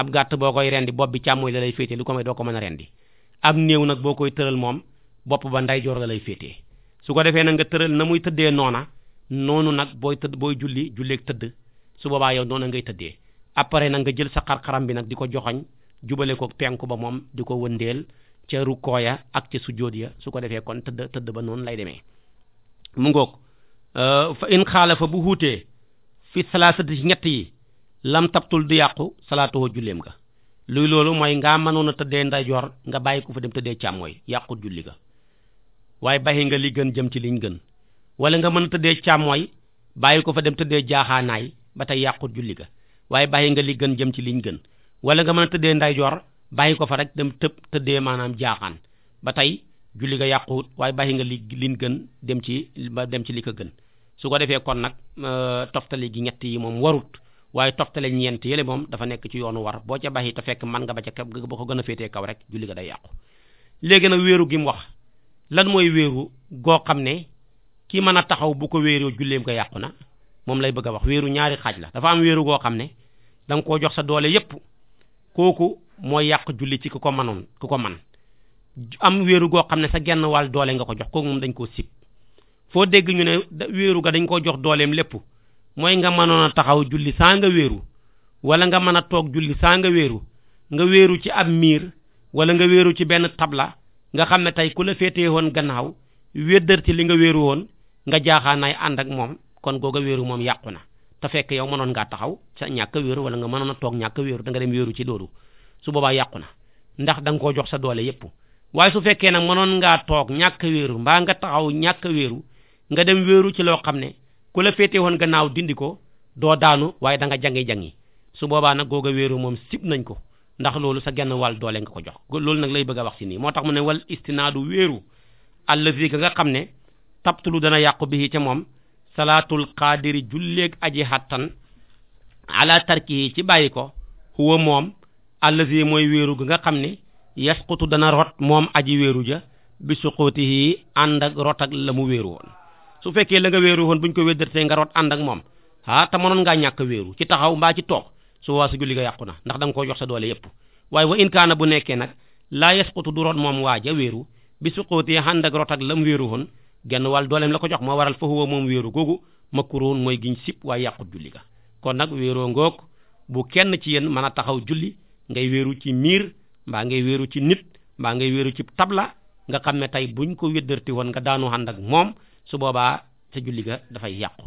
S1: ab gàtt boo koy rendi bopp bi càmmooy la lay féetee lu ko may doo ko mën a rendi ab néew nag boo koy tëral moom bopp ba ndayjoor la lay féetee su ko defee nag nga tëral na muy tëddee noona noonu nag booy tëdd booy julli julleeg tëdd su boobaa yow noona ngay tëddee après nag nga jël sa xar bi nag di ko joxoñ jubale ko penku ba moom di ko wëndeel ca rukkoo ya ak ca sujjóot ya su ko defee kon tëdd tëdd ba noonu lay demee mu ngoog euh, fa in xaalafa bu xuutee fi salaasati ci ñett yi lam tabtul di yàqu salaatoo julleem ga luy loolu mooy ngaa mënoon a tëddee ndeyjoor nga bàyyi ko fa dem tëddee càmmooy yàqut julli ga waaye bàyyi nga li gën jëm ci liñ gën wala nga mën a tëddee càmmooy bàyyi ko fa dem tëddee jaaxaanaay ba tey yàqut julli ga waaye bàyyi nga li gën jëm ci liñ gën wala nga mën a tëddee ndeyjoor bàyyi ko fa rek dem tëb tëddee maanaam jaaxaan ba tey julli nga yàquwut waaye bàyyi nga li liñ gën dem ci ba dem ci li ko gën su ko defee kon nag euh, toftale gi ñett yi moom warut waaye toftale ñeent yële moom dafa nekk ci yoonu war boo ca bàyyi te fekk man nga ba ca kaw ba ko gën a féetee kaw rek julli nga day yàqu léegi nag wéeru gi mu wax lan mooy wéeru goo xam ne kii mën a taxaw bu ko wéeroo julleem nga yàqu na moom lay bëgg a wax wéeru ñaari xaaj la dafa am wéeru goo xam ne da koo jox sa doole yépp kooku mooy yàq julli ci ku ko manoon ku ko man am wéeru goo xam ne sa genn wàll doole nga ko jox kooku moom dañ koo sib foo dégg ñu ne wéeru ga dañ koo jox dooleem lépp mooy nga mënoon a taxaw julli saa nga wéeru wala nga mën a toog julli saa wéeru nga wéeru ci ab miir wala nga wéeru ci benn tabla nga xam ne tey ku la féete woon gannaaw wéddër ci li nga wéeru woon nga jaaxaanaay ànd ak moom kon googa wéeru moom yàqu na te fekk yow mënoon ngaa taxaw sa ñàkk a wéeru wala nga mënoon a toog ñàkk a wéeru da nga dem wéeru ci loolu su boobaa yàqu na ndax danga nga koo jox sa doole yépp waaye su fekkee nag mënoon ngaa toog ñàkk wéeru mbaa nga taxaw ñàkk a wéeru nga dem wéeru ci loo xam ne ku la féete woon gannaaw dindi ko doo daanu waaye da nga jangi-jangi su boobaa nag googa wéeru moom sib nañ ko ndax loolu sa genn wàll doole nga ko jox loolu nag lay bëgg a wax si nii moo tax mu ne wal istinaadu wéeru allazi ga nga xam ne tabtulu dana yàqu bi ca moom salaatul qaadiri julleeg aji xattan ala tarkihi ci bàyyi ko huwa moom allazi mooy wéeru gi nga xam ne yasqutu dana rot moom aji wéeru ja bi suqutihi ànd ak rot ak la mu wéeru woon su fekkee la nga wéeru woon buñ ko weddatee nga rot ànd ak moom ah te mënoon ngaa ñàkk wéeru ci taxaw mbaa ci toog su waa sa julli nga yàqu na ndax danga ko jox sa doole yépp waaye wa in kaana bu nekkee nag laa yasqutu du rot moom waaja wéeru bi suqutihi ànd ak rot la mu wéeru woon genn wàll dooleem la ko jox moo waral fa huwa moom wéeru googu makruhun mooy giñ sip waaye yàqut julli ga kon nag wéeroo ngoog bu kenn ci yenn mën a taxaw julli ngay wéeru ci miir mbaa ngay wéeru ci nit mbaa ngay wéeru ci tabla nga xam ne tey buñ ko wéddarti woon nga daanu ànd ak moom su boobaa sa julli ga dafay yàqu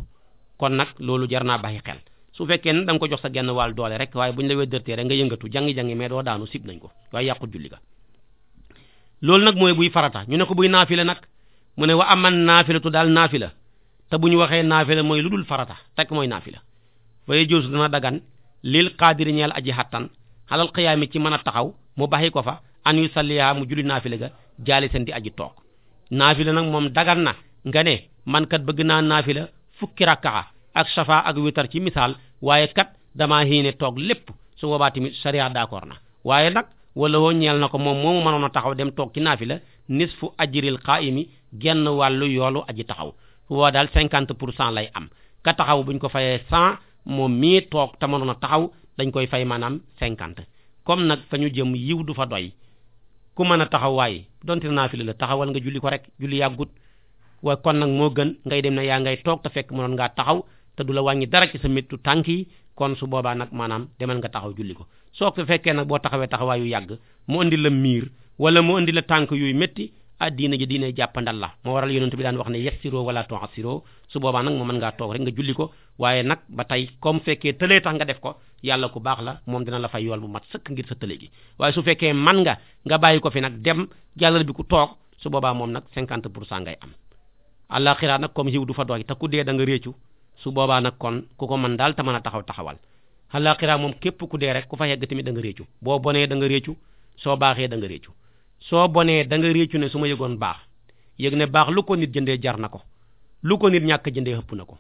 S1: kon nag loolu jar naa bàyyi xel su fekkee ne da ko jox sa genn wàll doole rek waaye buñ la wéddartee rek nga yëngatu jangi-jangi mais daanu sib nañ ko waaye yàqut julli loolu nag mooy buy mu ne wa aman naafilatu daal naafila te bu ñu waxee naafila mooy lu dul farata tekk mooy naafila waaye joosu dana dagan lil xaadiri ñeel aji xattan xalal xiyaami ci mën a taxaw mu baxi ko fa an yu salliyaa mu julli naafila ga jaali seen di aji toog naafila nag moom dagan na nga ne man kat bëgg naa naafila fukki rakkaa ak safa ak witar ci misaal waaye kat damaa hiine toog lépp su boobaa tamit sariya d'accord na waaye nag wala woo ñeel na ko moom moomu mënoon taxaw dem toog ci naafila nisfu ajril qaa'imi genn wàllu yoolu aji taxaw woo daal cinquante pour cent lay am ka taxaw buñ ko fayee cent moom mii toog te mënoon a taxaw dañ koy fay maanaam cinquante comme nag fa ñu jëm yiw du fa doy ku mën a taxaw waaye donte naafila la taxawal nga julli ko rek julli yàggut waaye kon nag moo gën ngay dem ne yaa ngay toog te fekk mënoon ngaa taxaw te du la wàññi dara ci sa méttu tànk yi kon su boobaa nag maanaam demal nga taxaw julli ko soo ko fekkee nag boo taxawee taxawaayu yàgg mu indi la miir wala mu indi la tànk yooyu métti ah diina ji diine jàppandal la moo waral yonent bi daan wax ne yassiroo wala tu'assiroo su boobaa nag moo mën ngaa toog rek nga julli ko waaye nag ba tey comme fekkee tëlee tax nga def ko yàlla ku baax la moom dina la fay yool bu mat sëkk ngir sa tëlee gi waaye su fekkee man nga nga bàyyi ko fi nag dem jàllal bi ku toog su boobaa moom nag cinquante pour cent ngay am àllaxira nag comme yiw du fa doy te ku dee da nga réccu su boobaa nag kon ku ko mën daal te mën a taxaw taxawal àllaxira moom képp ku dee rek ku fa yegg tamit da nga réccu boo bonee da nga réccu soo baaxee da soo bonee da nga réccu ne su ma yëgoon baax yëg ne baax lu ko nit jëndee jar na ko lu ko nit ñàkk jënde xëpp na ko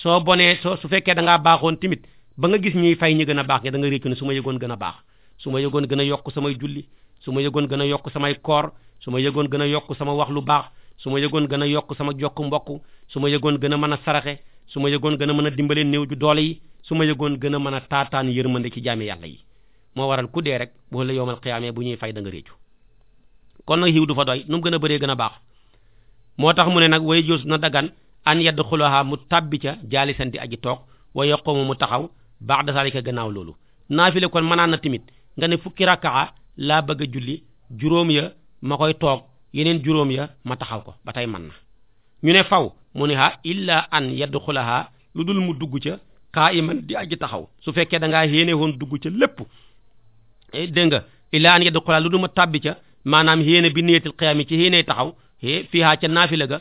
S1: soo bonee soo su fekkee da ngaa baaxoon timit ba nga gis ñuy fay ñi gën a baax ñi da réccu ne su ma yëgoon gën a baax su ma yëgoon gën a yokk samay julli su ma yëgoon gën a yokk samay koor su ma yëgoon gën a yokk sama wax lu baax su ma yëgoon gën a yokk sama jokk mbokk su ma yëgoon gën a mën a saraxe su ma yëgoon gën a mën a dimbalee néew ju doole su ma yëgoon gën a mën a taataan yërmande ci jaami yàlla yi moo waral ku dee rek boo la yowmal xiyaamee bu ñuy fay da nga réccu kon nag xiw du fa doy nu mu gën a bëree gën a baax moo tax mu ne nag way joos na dagan an yedd xulaha mu tàbbi ca jaalisan di aji toog wa yaqumu mu taxaw baax dasaalika gannaaw loolu naafile kon mënaan na tamit nga ne fukki rakkaa laa bëgg a julli juróom ya ma koy toog yeneen juróom ya ma taxaw ko ba tey man na ñu ne faw mu ne ha illa an yedd xulaha lu dul mu dugg ca kaa iman di aji taxaw su fekkee da ngaa yéene woon dugg ca lépp eh, dégg nga illa an yedd lu dul ma tàbbi ca maanaam yéene bi niyatil xiyaam yi ci yéene taxaw é fiihaa ca naafila ga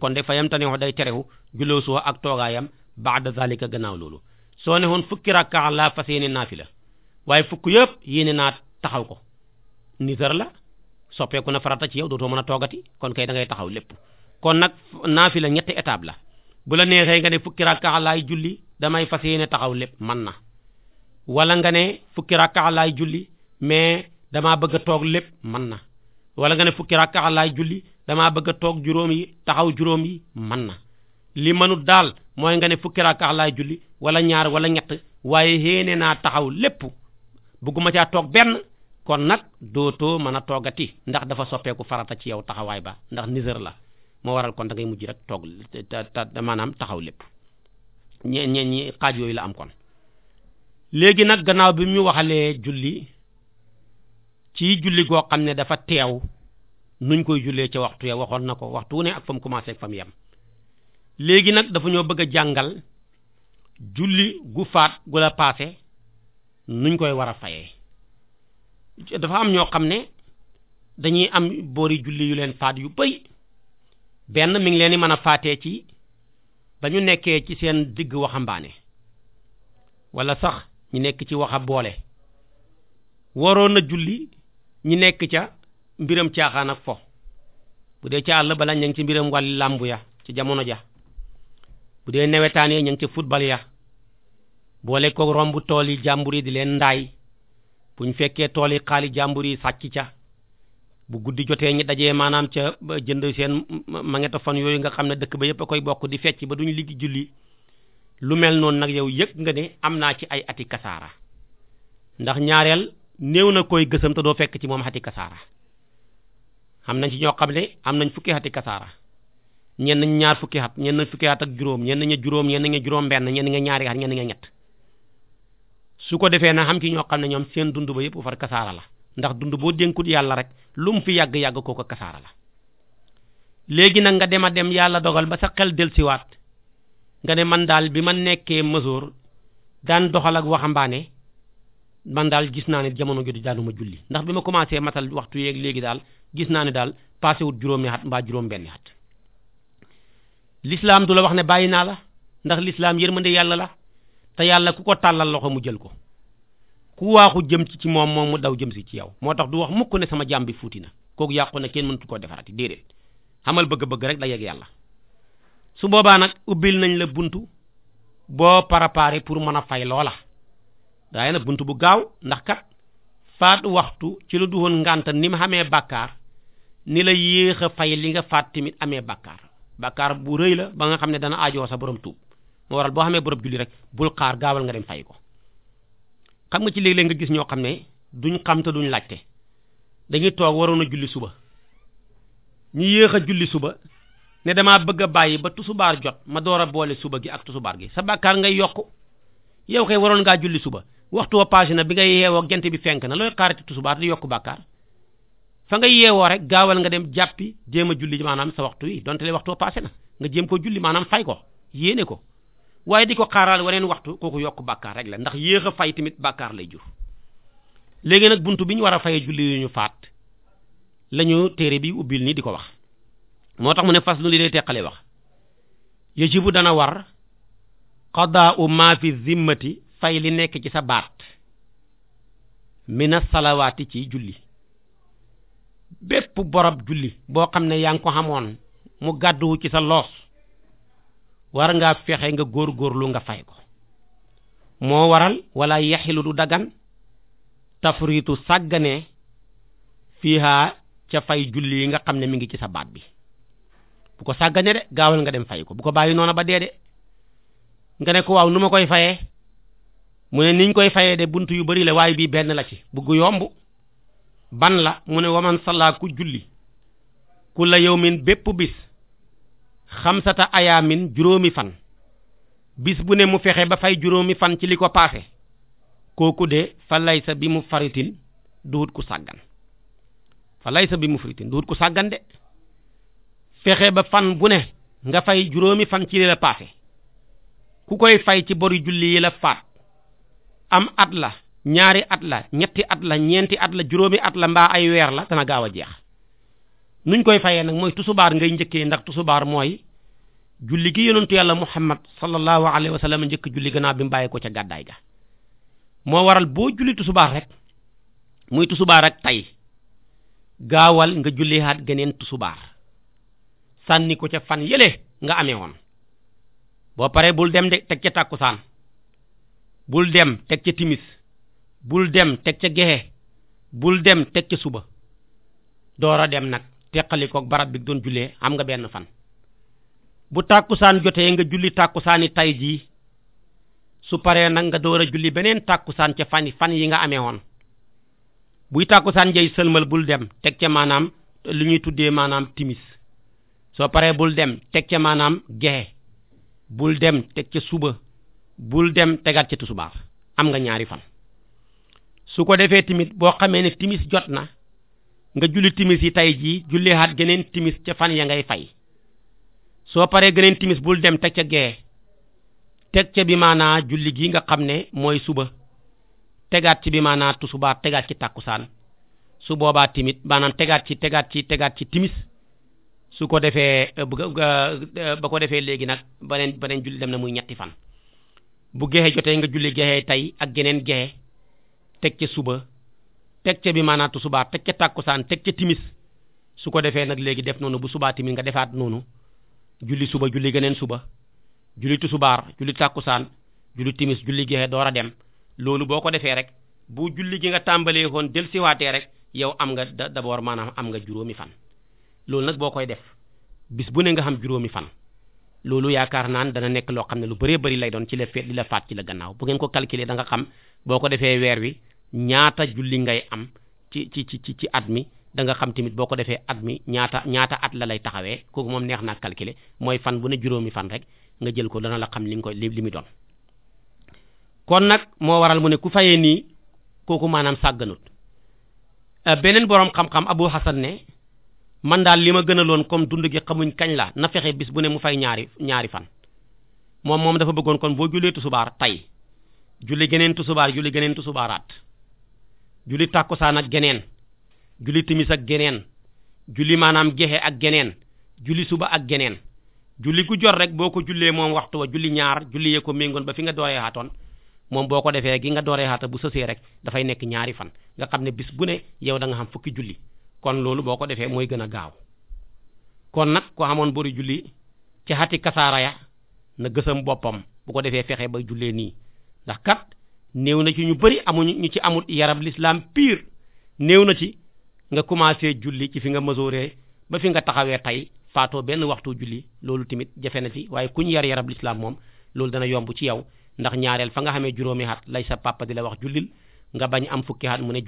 S1: kon de fayam tane wax day terewu juloo suwa ak toogaayam baada zalika gannaaw loolu soo ne woon fukki rakka laa fas yéene naafila waaye fukk yëpp yéene naa taxaw ko nisar la soppeeku na farata ci yow dootoo mën a toogati kon kay da ngay taxaw lépp kon nag naafila ñetti étape la bu la neexee nga ne fukki rakka laay julli damay fas yéene taxaw lépp man na wala nga ne fukki rakka laay julli mais damaa bëgg a toog lépp man na wala nga ne fukki rakka laay julli damaa bëgg a toog juróom yi taxaw juróom yi mën na li mënut daal mooy nga ne fukki rakka laay julli wala ñaar wala ñett waaye yéene naa taxaw lépp bëgguma caa toog benn kon nag dootoo mën a toogati ndax dafa soppeeku farata ci yow taxawaay ba ndax niseur la moo waral kon da ngay mujj rek toog ta maanaam taxaw lépp ñe ñe ñi xaaj yooyu la am kon léegi nag gannaaw bi ñu waxalee julli ci julli goo xam ne dafa teew nuñ koy jullee ca waxtu ya waxoon na ko waxtu wu ne ak fa mu commencé ak léegi nag dafa ñoo bëgg a jàngal julli gu faat gu la paase nuñ koy war a fayee dafa am ñoo xam ne dañuy am boori julli yu leen faat yu bëri benn mi ngi leen di mën a faatee ci ba ñu nekkee ci seen digg waxambaane wala sax ñu nekk ci waxa boole waroon na julli ñi nekk ca mbiram caaxaan ak fo bu dee ca àll bala ña ngi ci mbiram wàlli làmbu ya ci jamono ja bu dee nawetaan ya ña ngi ca football ya boole ko romb tool yi jàmbur yi di leen ndaay bu ñu fekkee tool yi xaali jàmbur yi sàcc ca bu guddi jotee ñi dajee maanaam ca ba jënd seen magnétophone yooyu nga xam ne dëkk ba yépp a koy bokk di fecc ba duñ liggi julli lu mel noonu nag yow yëg nga ne am naa ci ay ati kasaara ndax ñaareel néew na koy gësam te doo fekk ci moom xati kasaara am nañ ci ñoo xam ne am nañ fukki xati kasaara ñenn ñi ñaar fukki xat ñenn ak juróom ñenn ñi juróom ñenn ñi juróom benn ñenn ñaari xat ñenn ñi ñett su ko defee na xam ci ñoo xam ne ñoom seen dund ba yëpp far kasaara la ndax dund boo dénkut yàlla rek lu mu fi yàgg yàgg kooku kasaara la léegi nag nga dem a dem yàlla dogal ba sa xel dellusiwaat nga ne man daal bi ma nekkee masoor daan doxal ak waxambaane man daal gis naa ne jamono jooju ma julli ndax bi ma commencé matal waxtu yeeg léegi daal gis naa ne daal passé wut juróomi at mbaa juróom benni at l'islam du la wax ne bàyyi naa la ndax lislaam ma yërmande yàlla la te yàlla ku ko tàllal loxo mu jël ko ku waaxu jëm ci ci moom moom mu daw jëm si ci yow moo tax du wax mukk ne sama jaam bi fuuti na kook yàqu na kenn mëntu koo defaraati déedéet xamal bëgg-bëgg rek la yegg yàlla su boobaa nag ubbil nañ la buntu boo préparé pour mën a fay loola waaye nag bunt bu gaaw ndax kat faat waxtu ci lu duwoon ngànta ni ma xamee bàkkaar ni la yéex a fay li nga faat tamit amee bàkkaar bàkkaar bu rëy la ba nga xam ne dana aajowoo sa borom tuub moo waral boo xamee borom julli rek bul xaar gaawal nga dem fay ko xam nga ci léeg-léeg nga gis ñoo xam ne duñ xam te duñ laajte dañuy toog waroon a julli suba ñu yéex a julli suba ne damaa bëgg bàyyi ba tusubaar jot ma door a boole suba gi ak tusubaar gi sa bàkkaar ngay yokk yow kay waroon ngaa julli suba waxtu wa page na bi ngay yeewoo jant bi fenk na looy xaarati tusubaar di yokku bàkkaar fa ngay yeewoo rek gaawal nga dem jàppi jéem a julli maanaam sa waxtu yi donte le waxtu wa passé na nga jéem ko julli maanaam fay ko yéene ko waaye di ko xaaraal waneen waxtu kooku yokku bàkkaar rek la ndax yéex a fay tamit bàkkaar lay jur léegi nag buntu bi ñu war a fayee julli yu ñu faat lañu téere bi ubbil nii di ko wax moo tax mu ne fas lu li day teqale wax yajibu dana war qadaa ma fi fay li nekk ci sa baat na salawaati ci julli bépp borob julli boo xam ne yaa ngi ko xamoon mu gàdduwu ci sa loos war ngaa fexe nga góor góorlu nga fay ko moo waral wala yaxilu du daggan tafriitu sàggane fiihaa ca fay julli yi nga xam ne mu ngi ci sa baat bi bu ko sàggane de gaawal nga dem fay ko bu ko bàyyi noona ba dee de nga ne ko waaw nu ma koy fayee mu ne niñ koy fayee de bunt yu bari la waaye bii benn la ci bëggu yomb ban la mu ne waman salla ku julli ku la yawmin bépp bis xamsata ayaamin juróomi fan bis bu ne mu fexe ba fay juróomi fan ci li ko paase kooku de fa laysa bi mu faritin duut ku sàggan fa laysa bi mu faritin duut ku sàggan de fexe ba fan bu ne nga fay juróomi fan ci li la paase ku koy fay ci boru julli yi la faat am at la ñaari at la ñetti at la ñeenti at la juróomi at la mbaa ay weer la dana gaaw a jeex nuñ koy fayee nag mooy tusubaar ngay njëkkee ndax tusubaar mooy julli gi yonentu yàlla muhammad sallallahu alayhi wa sallam njëkk julli gannaaw bi mu bàyyi ko ca gàddaay ga moo waral boo julli tusubaar rek muy tusubaar ak tey gaawal nga jullihaat geneen tusubaar sànni ko ca fan yële nga amee woon boo paree bul dem de teg ca tàkkusaan bul dem teg ca timis bul dem teg ca gexe bul dem teg ca suba door a dem nag teqalikoog barab bi doon jullee am nga benn fan bu tàkkusaan jotee nga julli tàkkusaani tay jii su paree nag nga door a julli beneen tàkkusaan ca fan fan yi nga amee woon buy tàkkusaan jay sëlmal bul dem teg ca maanaam lu ñuy tuddee maanaam timis soo paree bul dem teg ca maanaam gexe bul dem teg ca suba bul dem tegaat ci tusubaar am nga ñaari fan su ko defee tamit boo xamee ne timis jot na nga julli timis yi tey jii julleexaat geneen timis ca fan ya ngay fay soo paree geneen timis bul dem teg ca gee teg ca bi maanaa julli gi nga xam ne mooy suba tegaat ci bi maanaa tusubaar tegaat ci tàkkusaan su boobaa timit maanaam tegaat ci tegaat ci tegaat ci timis su ko defee ba ko defee léegi nag beneen beneen julli dem na muy ñetti fan bu gexe jotee nga julli gexe tey ak geneen gexe teg ca suba teg ca bi maanaatu subaa teg ca tàkkusaan teg ca timis su ko defee nag léegi def noonu bu subaa timis nga defaat noonu julli suba julli geneen suba julli tusubaar julli tàkkusaan julli timis julli gexe door a dem loolu boo ko defee rek bu julli gi nga tàmbalee woon del siwaatee rek yow am nga d'abord maanaam am nga juróomi fan loolu nag boo koy def bis bu ne nga xam juróomi fan loolu yaakaar naan dana nekk loo xam ne lu baree bëri lay doon ci la feet li la faat ci la gannaaw bu ngeen ko calculer da xam boo ko defee weer wi ñaata julli ngay am ci ci ci ci at mi danga xam tamit boo ko defee at mi ñaata ñaata at la lay taxawee kooku moom neex naa calculer mooy fan bu ne juróomi fan rek nga jël ko dana la xam li nga koy li li muy doon kon nag moo waral mu ne ku fayee nii kooku maanaam sàgganut euh, beneen boroom xam-xam Abu Hasan ne man daal li ma gënaloon comme dund gi xamuñ kañ la na fexe bis bu ne mu fay ñaari ñaari fan moom moom dafa bëggoon kon boo jullee tusubaar tey julli geneen tusubaar julli geneen tusubaaraat julli tàkkusaan ak geneen julli timis ak geneen julli maanaam gexe ak geneen julli suba ak geneen julli gu jot rek boo ko jullee moom waxtu wa julli ñaar julli yee ko méngoon ba fi nga dooree xaatoon moom boo ko defee gi nga dooree xaata bu sësee rek dafay nekk ñaari fan nga xam ne bis bu ne yow da nga xam fukki julli kon loolu boo ko defee mooy gën a gaaw kon nag ku amoon bori julli ci xati kasaara ya na gësam boppam bu ko defee fexe ba jullee nii ndax kat néew na ci ñu bëri amuñu ñu ci amul yarab l'islam pire néew na ci nga commencé julli ci fi nga mesuré ba fi nga taxawee tey faatoo benn waxtu julli loolu tamit jafe na ci waaye kuñ yar yarab l'islam moom loolu dana yomb ci yow ndax ñaareel fa nga xamee juróomi xat lay sa papa di la wax jullil nga bañ am fukki xat mu ne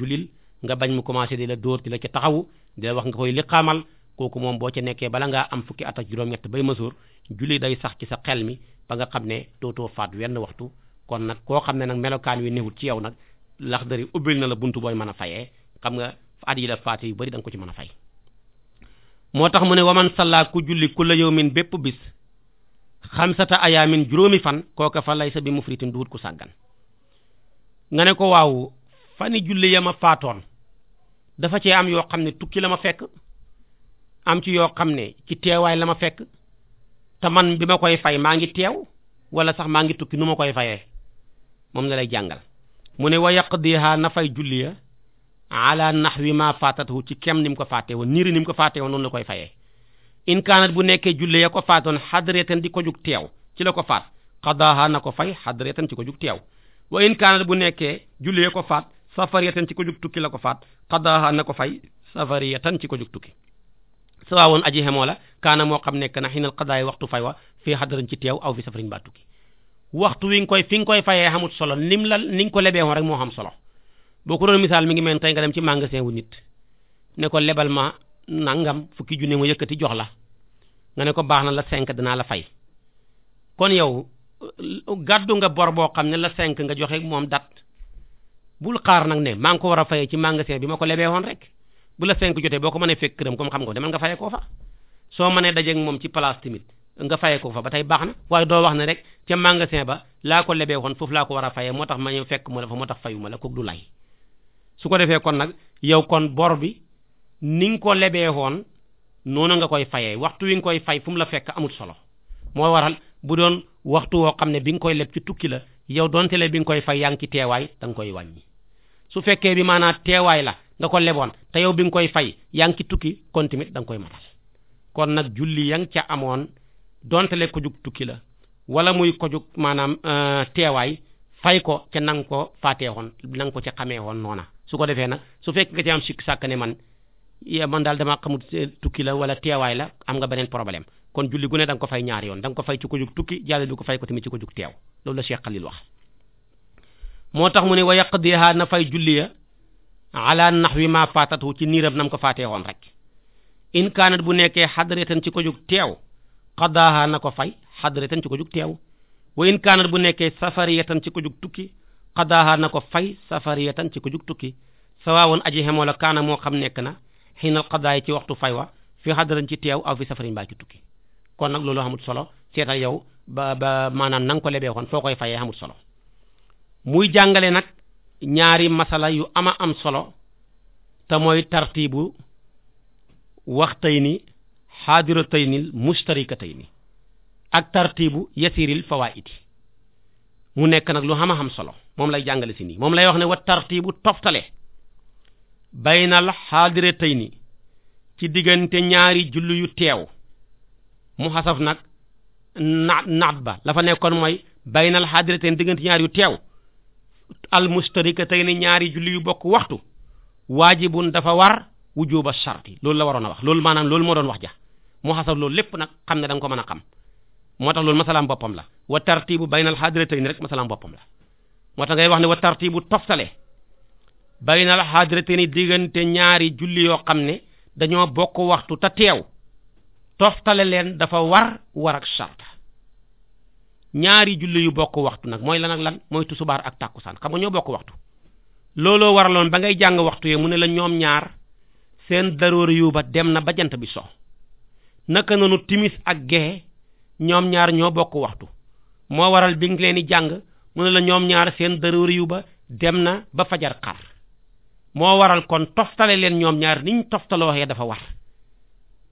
S1: nga bañ mu commencé di la dóor di la ca taxawu di la wax nga koy liqaamal kooku moom boo ci nekkee bala ngaa am fukki at ak juróom-ñett bay masuur julli day sax ci sa xel mi ba nga xam ne dootoo faat wenn waxtu kon nag koo xam ne nag melokaan wi néewul ci yow nag Laxdari ubbil na la bunt booy mën a fayee xam nga at yi la faate yu bari da ko ci mën a fay moo tax mu ne waman salla ku julli ku la yow yawmin bépp bis xamsata ayaamin juróomi fan kooka fa lay sa bi mufritin duhut ku ko waaw fani julli ya ma faatoon dafa cee am yoo xam ne tukki la ma fekk am ci yoo xam ne ci teewaay la ma fekk te man bi ma koy fay maa ngi teew wala sax maa ngi tukki nu ma koy fayee moom la lay jàngal mu ne wa yaqdiha na fay julli ya nax nahwi ma faatatahu ci kem ni mu ko faatee woon niiri ni mu ko faatee noonu la koy fayee in kaanat bu nekkee julli ya ko faatoon xadretan di ko jug teew ci la ko faat xadaaha na ko fay xadretan ci ko ko faat safariyatan ci ko jug tukki la ko faat xaddaha na ko fay safariyatan ci ko jug tukki sawa woon aji xemoo la kaana moo xam nekk na xinal xadaay waxtu fay wa fii xadaran ci teew aw fi safarin baa tukki waxtu wi nga koy fi nga koy fayee xamut solo nim la ni nga ko lebee woon rek moo xam solo boo ko doon misaal mi ngi mel tey nga dem ci magasin wu nit ne ko lebal ma nangam fukki junne ma yëkkati jox la nga ne ko baax na la cinq danaa la fay kon yow gàddu nga bor boo xam ne la cinq nga joxe moom dat bul xaar nag ne maa ngi ko war a fayee ci magasin bi ma ko lebee woon rek bu la cinq jotee boo ko mënee fekk këram comme xam nga demal nga fayee koo fa soo mënee dajeeg moom ci place tamit nga fayee ko fa ba tey baax na waaye doo wax ne rek ca magasin ba laa ko lebee woon foofu laa ko a fayee moo tax ma ñëw fekk mu la fa moo tax fayu ma la kook su ko defee kon nag yow kon bor bi ni nga ko lebee woon noonu nga koy fayee waxtu wi nga koy fay fu mu la fekk amul solo moo waral bu doon waxtu woo xam ne bi nga koy leb ci tukki la yow doonte le bi nga koy fay yaa ngi teewaay da koy wàññi su fekkee bi maanaam teewaay la nga ko leboon te yow bi nga koy fay yaa ngi tukki kon tamit da nga koy matal kon nag julli ya nga ca amoon donte le ko jug tukki la wala muy ko jug maanaam euh, teewaay fay ko ca na nga ko faateexoon ko ca xamee woon noona su ko defee nag su fekk nga ci am sikk sàkk ne man man daal damaa xamul euh, tukki la wala teewaay la am nga beneen problème kon julli gu ne da nga ko fay ñaari yoon da ko fay ci ko jug tukki jàlle bi ko fay ko tamit ci ko jug teew loolu la Cheikh wax moo tax mu ne wa yaqdiha na fay julli ya ala nahwi ma faatatu ci niiram nam ko faatee woon rek in kaanat bu nekkee xadratan ci ko jug teew qadaaha na ko fay xadratan ci ko jug teew wa in kaanat bu nekkee safariyatan ci ko tukki qadaaha na ko fay safariyatan ci ko jug tukki sawaawoon aji xemoo la kaana moo xam nekk na xiinal qadaay ci waxtu fay wa fi xadaran ci teew aw fi safarin baa ci tukki kon nag loolu amul solo seetal yow ba ba maanaam na ko lebee kon foo koy fayee amul solo muy jàngale nag ñaari masala yu ama am solo te mooy tartibu waxtayni xaadiratayni ni ak tartibu yasiril fawaidi mu nekk nag lu xam xam solo moom lay jàngale si nii moom lay wax ne wa tartibu toftale baynal ni ci diggante ñaari julli yu teew mu xasaf nag na naat ba la fa nekkoon mooy baynal xaadiratayni diggante ñaari yu teew almustarika tey ni ñaari julli yu bokk waxtu waajibun dafa war wujuba sharti loolu la waroon a wax loolu maanaam loolu moo doon wax ja mu xasab loolu lépp nag xam ne da nga ko mën a xam moo tax loolu masalaam boppam la wa tartibu baynal xaadiratayn rek masalaam boppam la moo tax ngay wax ne wa tartibu toftale baynal xaadiratayn diggante ñaari julli yoo xam ne dañoo bokk waxtu te teew toftale leen dafa war war ak sharta ñaari julli yu bokk waxtu nag mooy lan ak lan mooy tusubaar ak tàkkusaan xam nga ñoo bokk waxtu looloo waraloon ba ngay jàng waxtu yi mu ne la ñoom ñaar seen daroor yu ba dem na ba jant bi so naka noonu timis ak gee ñoom ñaar ñoo bokk waxtu moo waral bi leen di jàng mu ne la ñoom ñaar seen daroor yu ba dem na ba fajar xar moo waral kon toftale leen ñoom ñaar niñ toftalooxee dafa war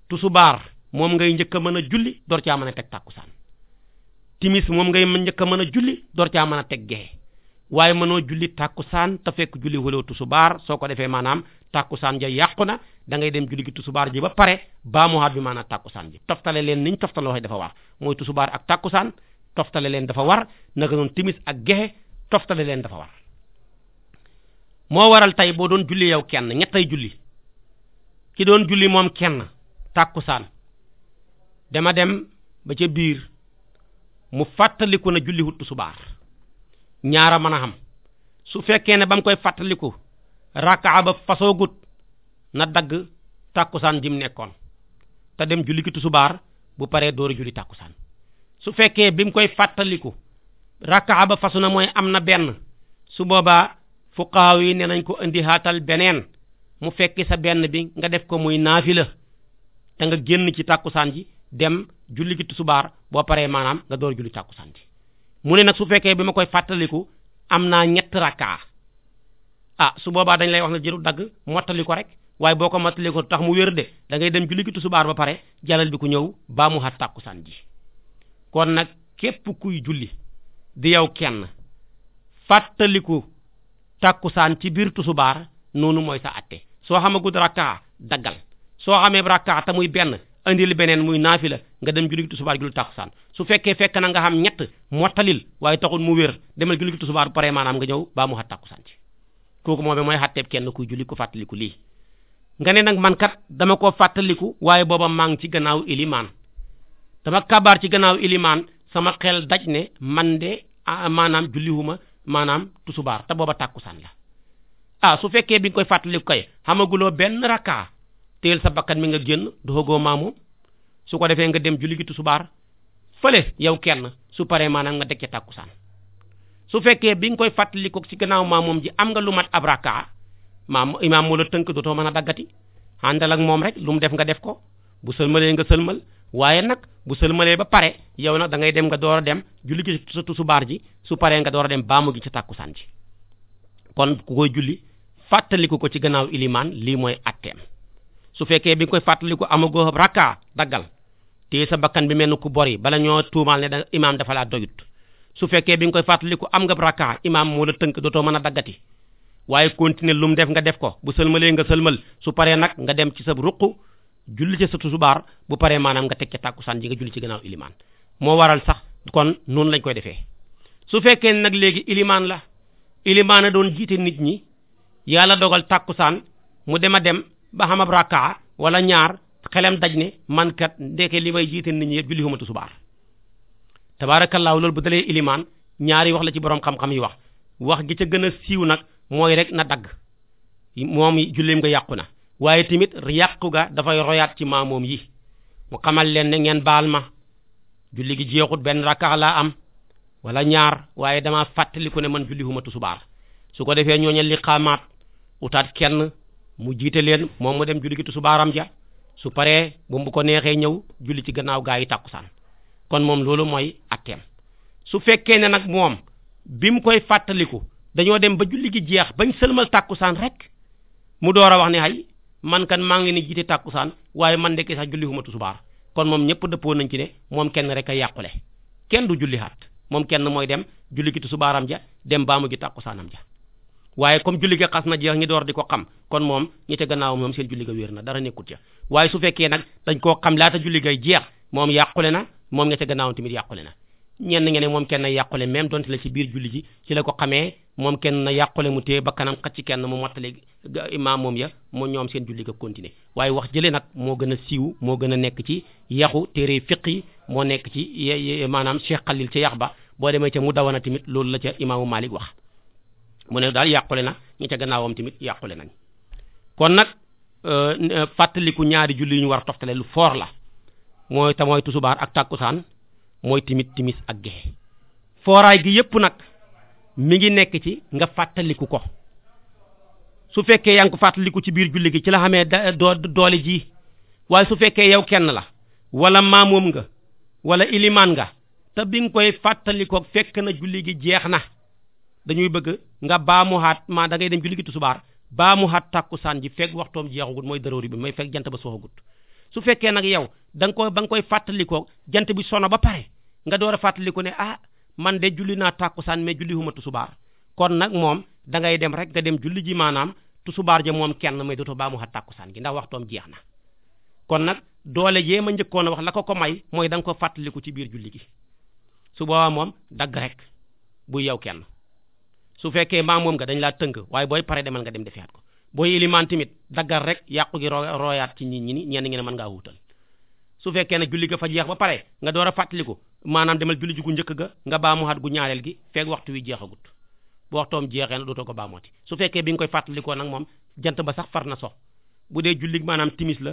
S1: tusubaar moom ngay njëkk a mën a julli door caa mën a teg tàkkusaan timis moom ngay njëkk a mën a julli door caa mën a teg gexe waaye mënoo julli tàkkusaan te fekk julli waloo tusubaar soo ko defee maanaam tàkkusaan ja yàqu na da ngay dem julli gi tusubaar ji ba pare baa muhaat bi ma maanaam tàkkusaan ji toftale leen niñ toftale wax dafa war mooy tusubaar ak tàkkusaan toftale leen dafa war naka noonu timis ak gexe toftale leen dafa war moo waral tey boo doon julli yow kenn ñettay julli ki doon julli moom kenn takkusaan dama dem ba ca biir mu fàttaliku na julliwut tisbaar ñaara mën a xam su fekkee ne ba mu koy fàttaliku rakkaa ba fasoogut na dagg tàkkusaan jim nekkoon te dem julli ki tisbaar bu paree door julli tàkkusaan su fekkee bi mu koy fàttaliku rakkaa ba fasu na mooy am na benn su boobaa fuqaaw yi ne nañ ko indi haatal beneen mu fekki sa benn bi nga def ko muy naafila te nga génn ci tàkkusaan ji dem julli ci tisbaar boo paree maanaam nga door julli tàkkusaan ji mu ne nag su fekkee bi ma koy fàttaliku am naa ñett rakkaa a ah, su boobaa dañ lay wax na jëru dagg mottali ko rek waaye boo ko mottali ko tax mu wér de dangay ngay dem julli ci tisbaar ba pare jalal bi ku ñëw baa mu xat tàkkusaan ji kon nag képp kuy julli di yow kenn fàttaliku tàkkusaan ci biir tusubaar noonu mooy sa atte soo xamagut rakkaa daggal soo xamee rakkaa te muy benn indil beneen muy naafila nga dem julli tisbaar julli takkusaan su fekkee fekk na nga xam ñett mottalil waaye taxul mu wér demal julli tisbaar pare maanaam nga ñëw baa mu xat takkusaan ci kooku moom mooy xatteeb kenn kuy julli ko fàttaliku lii nga ne nag man kat dama koo fàttaliku waaye booba maa ngi ci gannaaw ilimaan dama kabaar ci gannaaw ilimaan sama xel daj ne man de maanaam julliwuma maanaam tusubaar te booba tàkkusaan la ah su fekkee bi koy fàttaliku kay xamaguloo benn rakkaa téyel sa bakkan mi nga génn doxagoo maa moom su ko defee nga dem julli gi tusubaar fële yow kenn su paree maanaam nga teg ca tàkkusaan su fekkee bi nga koy fàttalikoo ci gannaaw maa moom ji am nga lu mat abraka maam imaam moo tënk dootoo mën a daggati àndal ak moom rek lu mu def nga def ko bu sëlmalee nga sëlmal waaye nag bu sëlmalee ba pare yow nag da ngay dem nga door a dem julli gi sa tusubaar ji su paree nga door a dem baamu gi ci tàkkusaan ji kon ku fàttaliku ko ci gannaaw ilimaan lii mooy atteem su fekkee bi nga koy fàttaliku amagoo rakka daggal téye sa bakkan bi mel ni ku bori bala ñoo tuumaal ne da imaam dafa laa doyut su fekkee bi nga koy fàttaliku am nga rakka imaam moo la tënk dootoo mën a daggati waaye continuer lu mu def nga def ko bu sëlmalee nga sëlmal su paree nag nga dem ci sa ruq julli ci sa tusubaar bu paree maanaam nga teg ca tàkkusaan ji nga julli ci gannaaw ilimaan moo waral sax kon noonu lañ koy defee su fekkee nag léegi ilimaan la ilimaan a doon jiite nit ñi yàlla dogal tàkkusaan mu dem a dem ba xam ab rakkaa wala ñaar xelem daj ne mankat kat ndeke li may jiite nit ñi yëpp julli humatu subaar tabaarakallaahu lool bu dalee ilimaan ñaari wax la ci borom xam-xam yi wax wax gi ca gën a siiw nag mooy rek na dagg moom jullim nga yàqu na waaye tamit yàqu ga dafay royaat ci yi mu xamal leen ne ngeen baal ma julli gi jeexut benn rakkaa laa am walla ñaar waaye damaa fàttaliku ne man julli humatu subaar su ko defee ñooñu li xaamaat utaat kenn mu jiite leen moom mu dem julli gi tisbaaram ja su paree bu mu ko neexee ñëw julli ci gannaaw gaa yi tàkkusaan kon moom loolu mooy atteem su fekkee ne nag moom bi mu koy fàttaliku dañoo dem ba julli gi jeex bañ sëlmal tàkkusaan rek mu door a wax ne ay man kan maa ngi ne di jiite tàkkusaan waaye man ndekki sax julli huma tisbaar kon moom ñëpp dëppoo nañ ci ne moom kenn rek a yàqule kenn du julli xaat moom kenn mooy dem julli gi tisbaaram ja dem baamu gi tàkkusaanam ja waaye comme julli ga xas na jeex ñi door di ko xam kon moom ñi ca gannaawam moom seen julli ga wér na dara nekkut ca waaye su fekkee nag dañ koo xam laata julli gay jeex moom yàqule na moom ña ca gannaawam tamit yàqule na ñenn ngeen ne moom kenn yàqule même donte la ci biir julli ji la ko xamee moom kenn na yàqule mu téye ba kanam xat ci kenn mu mottali imaam moom ya mu ñoom seen julli ga waaye wax jëlee nag moo gën a siiw moo gën a nekk ci yaxu téere fiq yi moo nekk ci maanaam Cheikh Khalil ca yax ba boo demee ca mu dawana tamit loolu la ca imaamu Malik wax mu ne daal yàqule na ñi ca gannaawam tamit yàqule nañ kon nag euh, euh, fàttaliku ñaari julli yu ñu war a toftale lu foor la mooy te tusubaar ak tàkkusaan mooy timit timis ak gexe fooraay gi yépp nag mu ngi nekk ci nga fàttaliku ko su fekkee yaa ngi fàttaliku ci biir julli gi ci la xamee doo doole ji waaye su fekkee yow kenn la wala maamoom nga wala ilimaan nga te bi nga koy fàttalikoo fekk na julli gi jeex na dañuy bëgg nga baamuwaat maa da ngay dem julli gi tisbaar baamuwaat tàkkusaan ji fekk waxtoom jeexagut mooy daroori bi may fekk jant ba soxagut su fekkee nag yow danga nga koy ba nga koy fàttalikoo jant bi sono ba pare nga door a fàttaliku ne ah man de julli naa tàkkusaan mais julli huma tisbaar kon nag moom da ngay dem rek nga dem julli ji maanaam tisbaar ja moom kenn may dootoo baamuwaat tàkkusaan gi ndax waxtoom jeex na kon nag doole jéem ma njëkkoon a wax la ko ko may mooy da nga ko ci biir julli su boobaa moom dagg rek bu yow kenn su fekkee maa moom nga dañ laa tënk waaye booy pare demal nga dem defiyaat ko booy ilimaan tamit daggal rek yàqu gi royaat ci nit ñi ni ñenn ngi ne mën ngaa wuutal su fekkee nag julli ga fa jeex ba pare nga door a fàttaliku maanaam demal julli ji gu njëkk ga nga baamuwaat gu ñaareel gi feeg waxtu wi jeexagut bu waxtoom jeexee na dootoo ko baamooti su fekkee bi nga koy fàttalikoo nag moom jant ba sax far na sox bu dee julli maanaam timis la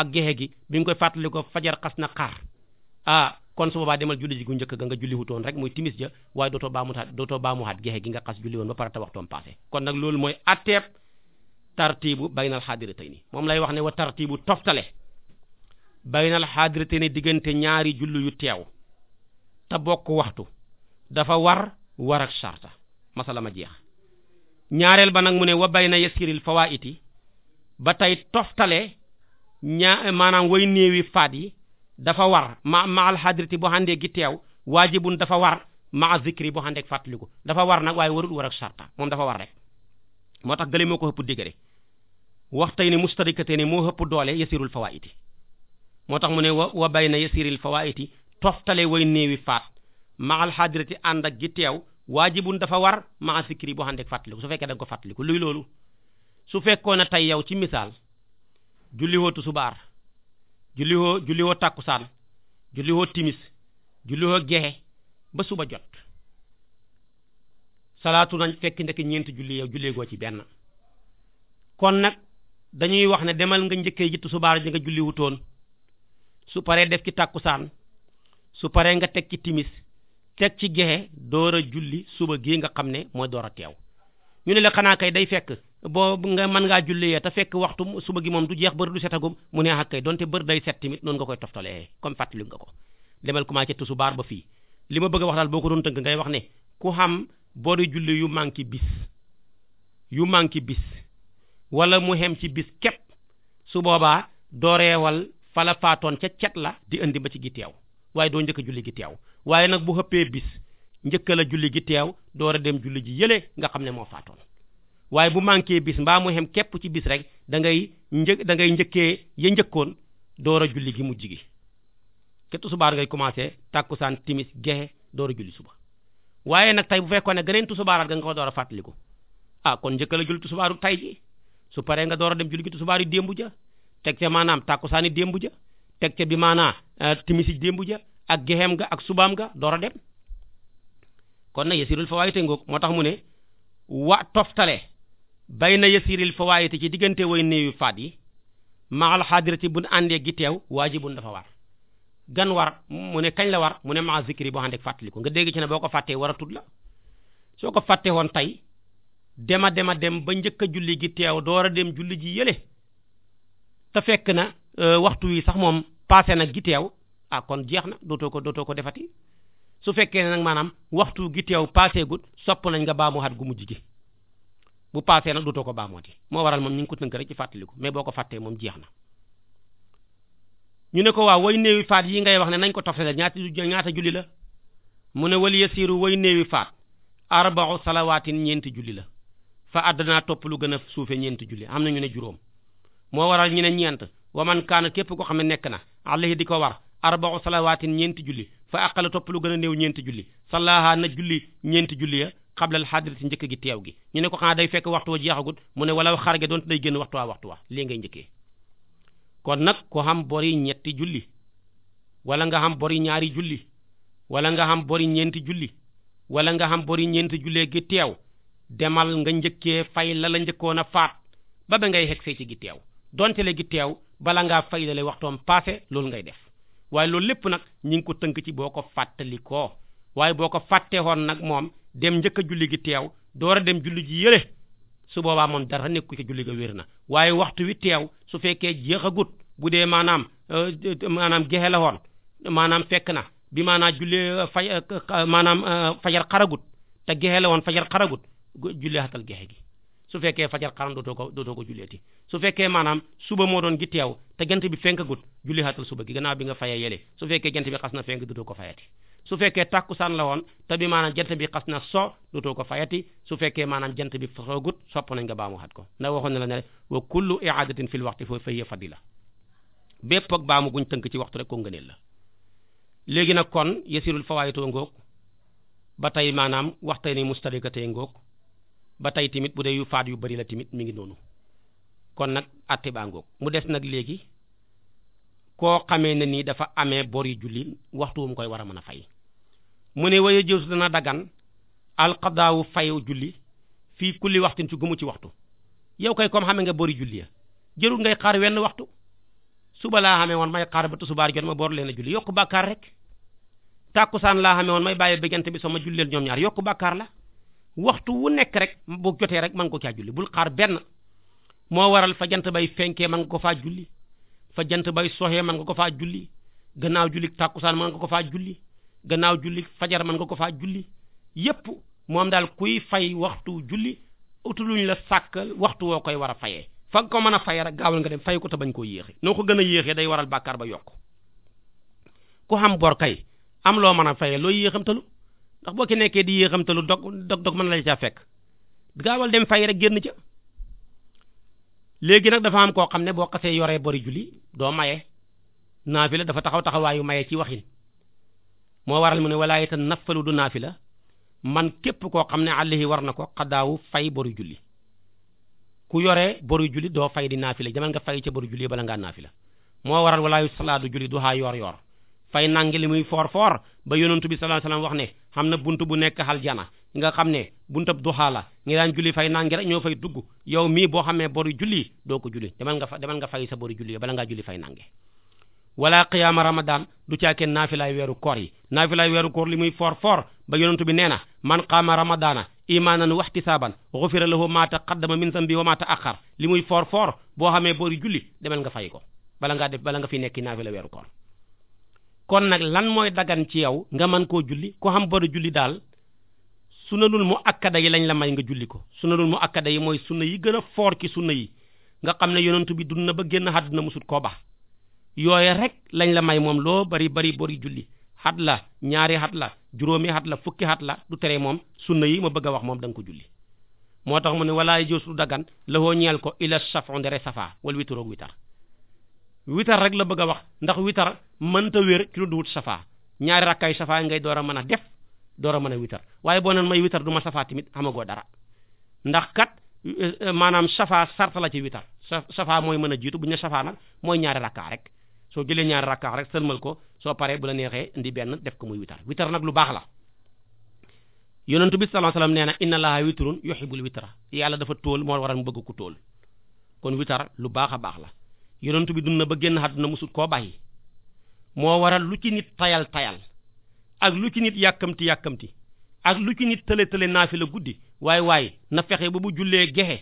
S1: ak gexe gi bi nga koy fàttalikoo fajar xas na xaar ah kon su boobaa demal julli ji gu njëkk ga nga julli wutoon rek muy timis ja waaye dootoo baamutaat dootoo baamuwaat gexe gi nga xas julli woon ba pare te waxtoom passé kon nag loolu mooy atteeb tartibu baynal xaadiratayni moom lay wax ne wa tartibu toftale baynal xaadiratayni diggante ñaari julli yu teew te bokk waxtu dafa war war ak sarta masala ma jeex ñaareel ba nag mu ne wa bayna yasiril fawaiti ba tey toftale ñaa maanaam way néewi yi dafa war ma ma alxadrati boo xandee gi teew waajibun dafa war ma zikri boo xandee fàttaliku dafa war nag waaye warul war ak sarta moom dafa war rek moo tax gële moo ko ëpp dégëre wax tey ne mustarikate ni moo ëpp doole yasirul fawaiti moo tax mu ne wa wa bay na yasiril fawaiti toftale way néewi faat ma alxadrati ànd ak gi teew waajibun dafa war ma zikri boo xandee fàttaliku su fekkee da nga ko fàttaliku luy loolu su fekkoon ne tey yow ci misaal julli wootu subaar julli woo tàkkusaan julli woo timis julli gexe ba suba jot salaatu nañ fekk ndekk ñeenti julli yow jullee goo ci benn kon nag dañuy wax ne demal nga njëkkee jitt subaar di nga julli wutoon su paree def ci tàkkusaan su paree nga teg ci timis teg ci gexe door a julli suba gii nga xam ne mooy door a teew ñu ne la xanaa kay day fekk boo nga mën ngaa julli yee te fekk waxtu su ma gi moom du jeex bër du setagum mu ne ak kay donte bër day set tamit noonu nga koy toftalee comme fàttali nga ko demal commencé baar ba fii li ma bëgg a wax daal boo ko doon tënk ngay wax ne ku xam boo di julli yu manqué bis yu manqué bis wala mu xem ci bis képp su boobaa dooreewal fala faatoon ca cet la di indi ba ci gi teew waaye doo njëkk a julli gi teew waaye nag bu xëppee bis njëkka la julli gi teew door dem julli ji yële nga xam ne moo faatoon waaye bu manqué bis mbaa mu xem képp ci bis rek da ngay një da ngay ya njëkkoon door a julli gi mujj gi ke tusubaar ngay commencé tàkkusaan timis gexe door a julli suba waaye nag tey bu fekkoon ne geneen tusubaaraat nga nga ko door a fàttaliku a ah, kon njëkkal a julli tusubaaru tey ji su paree nga door dem julli gi tusubaaru démbu ja teg ca maanaam tàkkusaani démbu ja teg ca bi maanaa eh, timisi démbu ja ak gexeem ga ak subaam ga door a dem kon na yesirul fawaayite ngoog moo tax mu ne wa toftale na bayna yasiril te ci diggante way néewi faat yi maal xaadirati buñ àndee gi teew waajibun dafa war gan war mu ne kañ la war mu ne maa zikri boo àndeek fàttaliku nga dégg ci ne boo ko fàttee war a la soo ko fàtte woon tey dema dema dem ba njëkk a julli gi teew door a dem julli ji yële te fekk na euh, waxtu wi sax moom passé nag gi teew ah kon jeex na dootoo ko dootoo ko defati su fekkee ne nag maanaam waxtu gi teew passé gut sopp nañ nga baamu gu mujj gi bu paasee nag dootoo ko baamooti moo waral moom ñu ngi ko tënk rek ci fàttaliku mais boo ko fàttee moom jeex na ñu ne ko waaw way néewi faat yi ngay wax ne nañ ko toftale ñaata ñaata julli la mu ne wal yasiru way néewi faat arba'u salawaatin ñeenti julli la fa àddanaa topp lu gën a suufe ñeenti julli am na ñu ne juróom moo waral ñu ne ñeent wa man kaana képp ko xam ne nekk na alayhi di ko war arba'u salawaatin ñeenti julli fa aqala topp lu gën a néew ñeenti julli salaaha na julli ñeenti julli ya xablal xaadirati njëkk gi teew gi ñu ne ko xanaa day fekk waxtu wa jeexagut mu ne wala xarge doonte day génn waxtu waa waxtu wa lii ngay njëkkee kon nag ku xam bori ñetti julli wala nga xam bori ñaari julli wala nga xam bori ñeenti julli wala nga xam bori ñeenti jullee gi teew demal nga njëkkee fay la la njëkkoon a faat ba ba ngay xegsee ci gi teew donte le gi teew bala ngaa fay la le waxtoom passé loolu ngay def waaye loolu lépp nag ñi ngi ko tënk ci boo ko fàttalikoo waaye boo ko fàtteewoon nag moom dem njëkk a julli gi teew door a dem julli ji yële su boobaa moom dara nekku ci julli ga wér na waaye waxtu wi teew su fekkee jeexagut bu dee maanaam euh, euh, maanaam jeexe la woon maanaam fekk na bi maanaam jullee euh, fay maanaam fajar xaragut te gexe la woon fajar xaragut jullee xatal gexe gi su fekkee fajar xaram dootoo ko dootoo ko julleeti su fekkee maanaam suba moo doon gi teew te jant bi fenkagut julli xatal suba gi gannaaw bi nga fayee yele su fekkee jant bi xas na fenk dootoo ko fayati su fekkee tàkku saan la woon te bi maanaam jant bi xas na soo so dootoo ko fayati su fekkee maanaam jant bi soogut sopp nañ nga baamuwaat ko ndax waxoon na la ne wa kullu i'adatin fil waxti fa hiya la bépp ak baamu guñ tënk ci waxtu rek ko ngëneel la léegi nag kon yasirul fawaayitoo ngóog ba tey maanaam waxtay ni mustarikatee ngóog ba tey tamit bu dee yu faat yu bari la tamit mu ngi noonu kon nag atte baa ngóog mu des nag léegi koo xamee ne nii dafa amee bor yi waxtu wu koy war a mën a fay mu ne waye jëwsu dana dagan alqadaawu fayu julli fii kulli waxtin ci gumu ci waxtu yow kay comme xame nga boori julli ya jërul ngay xaar wenn waxtu suba laa xamee woon may xaar ba tusubaar jot ma boor leen a julli yokk bàkkaar rek tàkkusaan laa xamee may bàyyi béggante bi sama julleel ñoom ñaar yokku bàkkaar la waxtu wu nekk rek bu jotee rek man ko caa julli bul xaar benn moo waral fa jant bay fenkee man nga ko faa julli fa jant bay soxee man nga ko faa julli gannaaw julli tàkkusaan man nga ko faa julli gannaaw julli fajar mën nga ko faa julli yépp moom daal kuy fay waxtu julli utuluñ la sàkkal waxtu woo koy war a fayee fa nga ko mën a fay rek gaawal nga dem fay ko te bañ koo yéexe noo ko gën a yéexee day waral bàkkaar ba yokk ku xam bor kay am loo mën a fayee looy yéexamtalu ndax boo ki nekkee di yéexamtalu dog dog dog mën lay caa fekk gaawal dem fay rek génn ca léegi nag dafa am koo xam ne boo xasee yoree bori julli doo maye naafila dafa taxaw taxawaayu maye ci waxin moo waral mu ne walaayeta naffalu du la man képp koo xam ne àllahi war na ko xadaawu fay boru julli ku yore boru julli doo fay di naafila jamal nga fay boru julli bala ngaa naafila moo waral walaayu salaadu julli du xaa yoor yoor fay nangi li muy foor foor ba yonentu bi sallallahu alayhi wasallam wax ne xam na bunt bu nekk aljana nga xam ne buntab duhaa la ngi daan julli fay nangi rek ñoo fay dugg yow mii boo xamee boru julli doo ko julli demal nga fa demal nga fay sa boru julli bala ngaa julli fay nangi wala qiyaama ramadan du caakeen lay weeru koor yi naafilaay weeru koor li muy foor for ba yonentu bi nee na man qaama ramadana imaanan wahtisaaban ghufira lahu ma taqaddama min zambi wa ma ta'akhkhar li muy for for boo xamee boori julli demel nga fay ko bala ngaa def bala nga fi nekki la weeru koor kon nag lan mooy dagan ci yow nga mën koo julli ko xam boori julli daal sunanul mu akkada yi lañ la may nga julli ko sunanul mu akkada yi mooy sunna yi gën a foor ci sunna yi nga xam ne yonentu bi dund na ba génn àdduna musut koo baax yooye rek lañ la may moom loo bari bari bari julli xat la ñaari xat la juróomi xat la fukki xat la du tere moom sunna yi ma bëgg a wax moom da ko julli moo tax mu ne walaay jos du daggan lawoo ñeel ko ila safon ndere safa wala witaroog witar witar la bëgg a wax ndax witar mënta wér ci lu duwut safa ñaari rakkaay safa ngay door a mën a def door a mën a witar waaye boo neen may witar du ma safa tamit xamagoo dara ndax kat eh, eh, maanaam safa sarta la ci witar safa mooy mën a jiitu bu ñu ne safa nag mooy ñaari rakkaa rek soo jëlee ñaari rakka rek sëlmal ko soo paree bu la neexee indi benn def ko muy witar witar nag lu baax la yonentu bi sallallahu alayhi wasallam nee na inna allaha witrun yuhibbul witra yàlla dafa tóol moo waral mu bëgg ku tóol kon witar lu baax a baax la yonentu bi dund na ba génn àdduna musul koo bàyyi moo waral lu ci nit tayal tayal ak lu ci nit yàkkamti yàkkamti ak lu ci nit tële tële naafi la guddi waaye waaye na fexe ba bu jullee gexe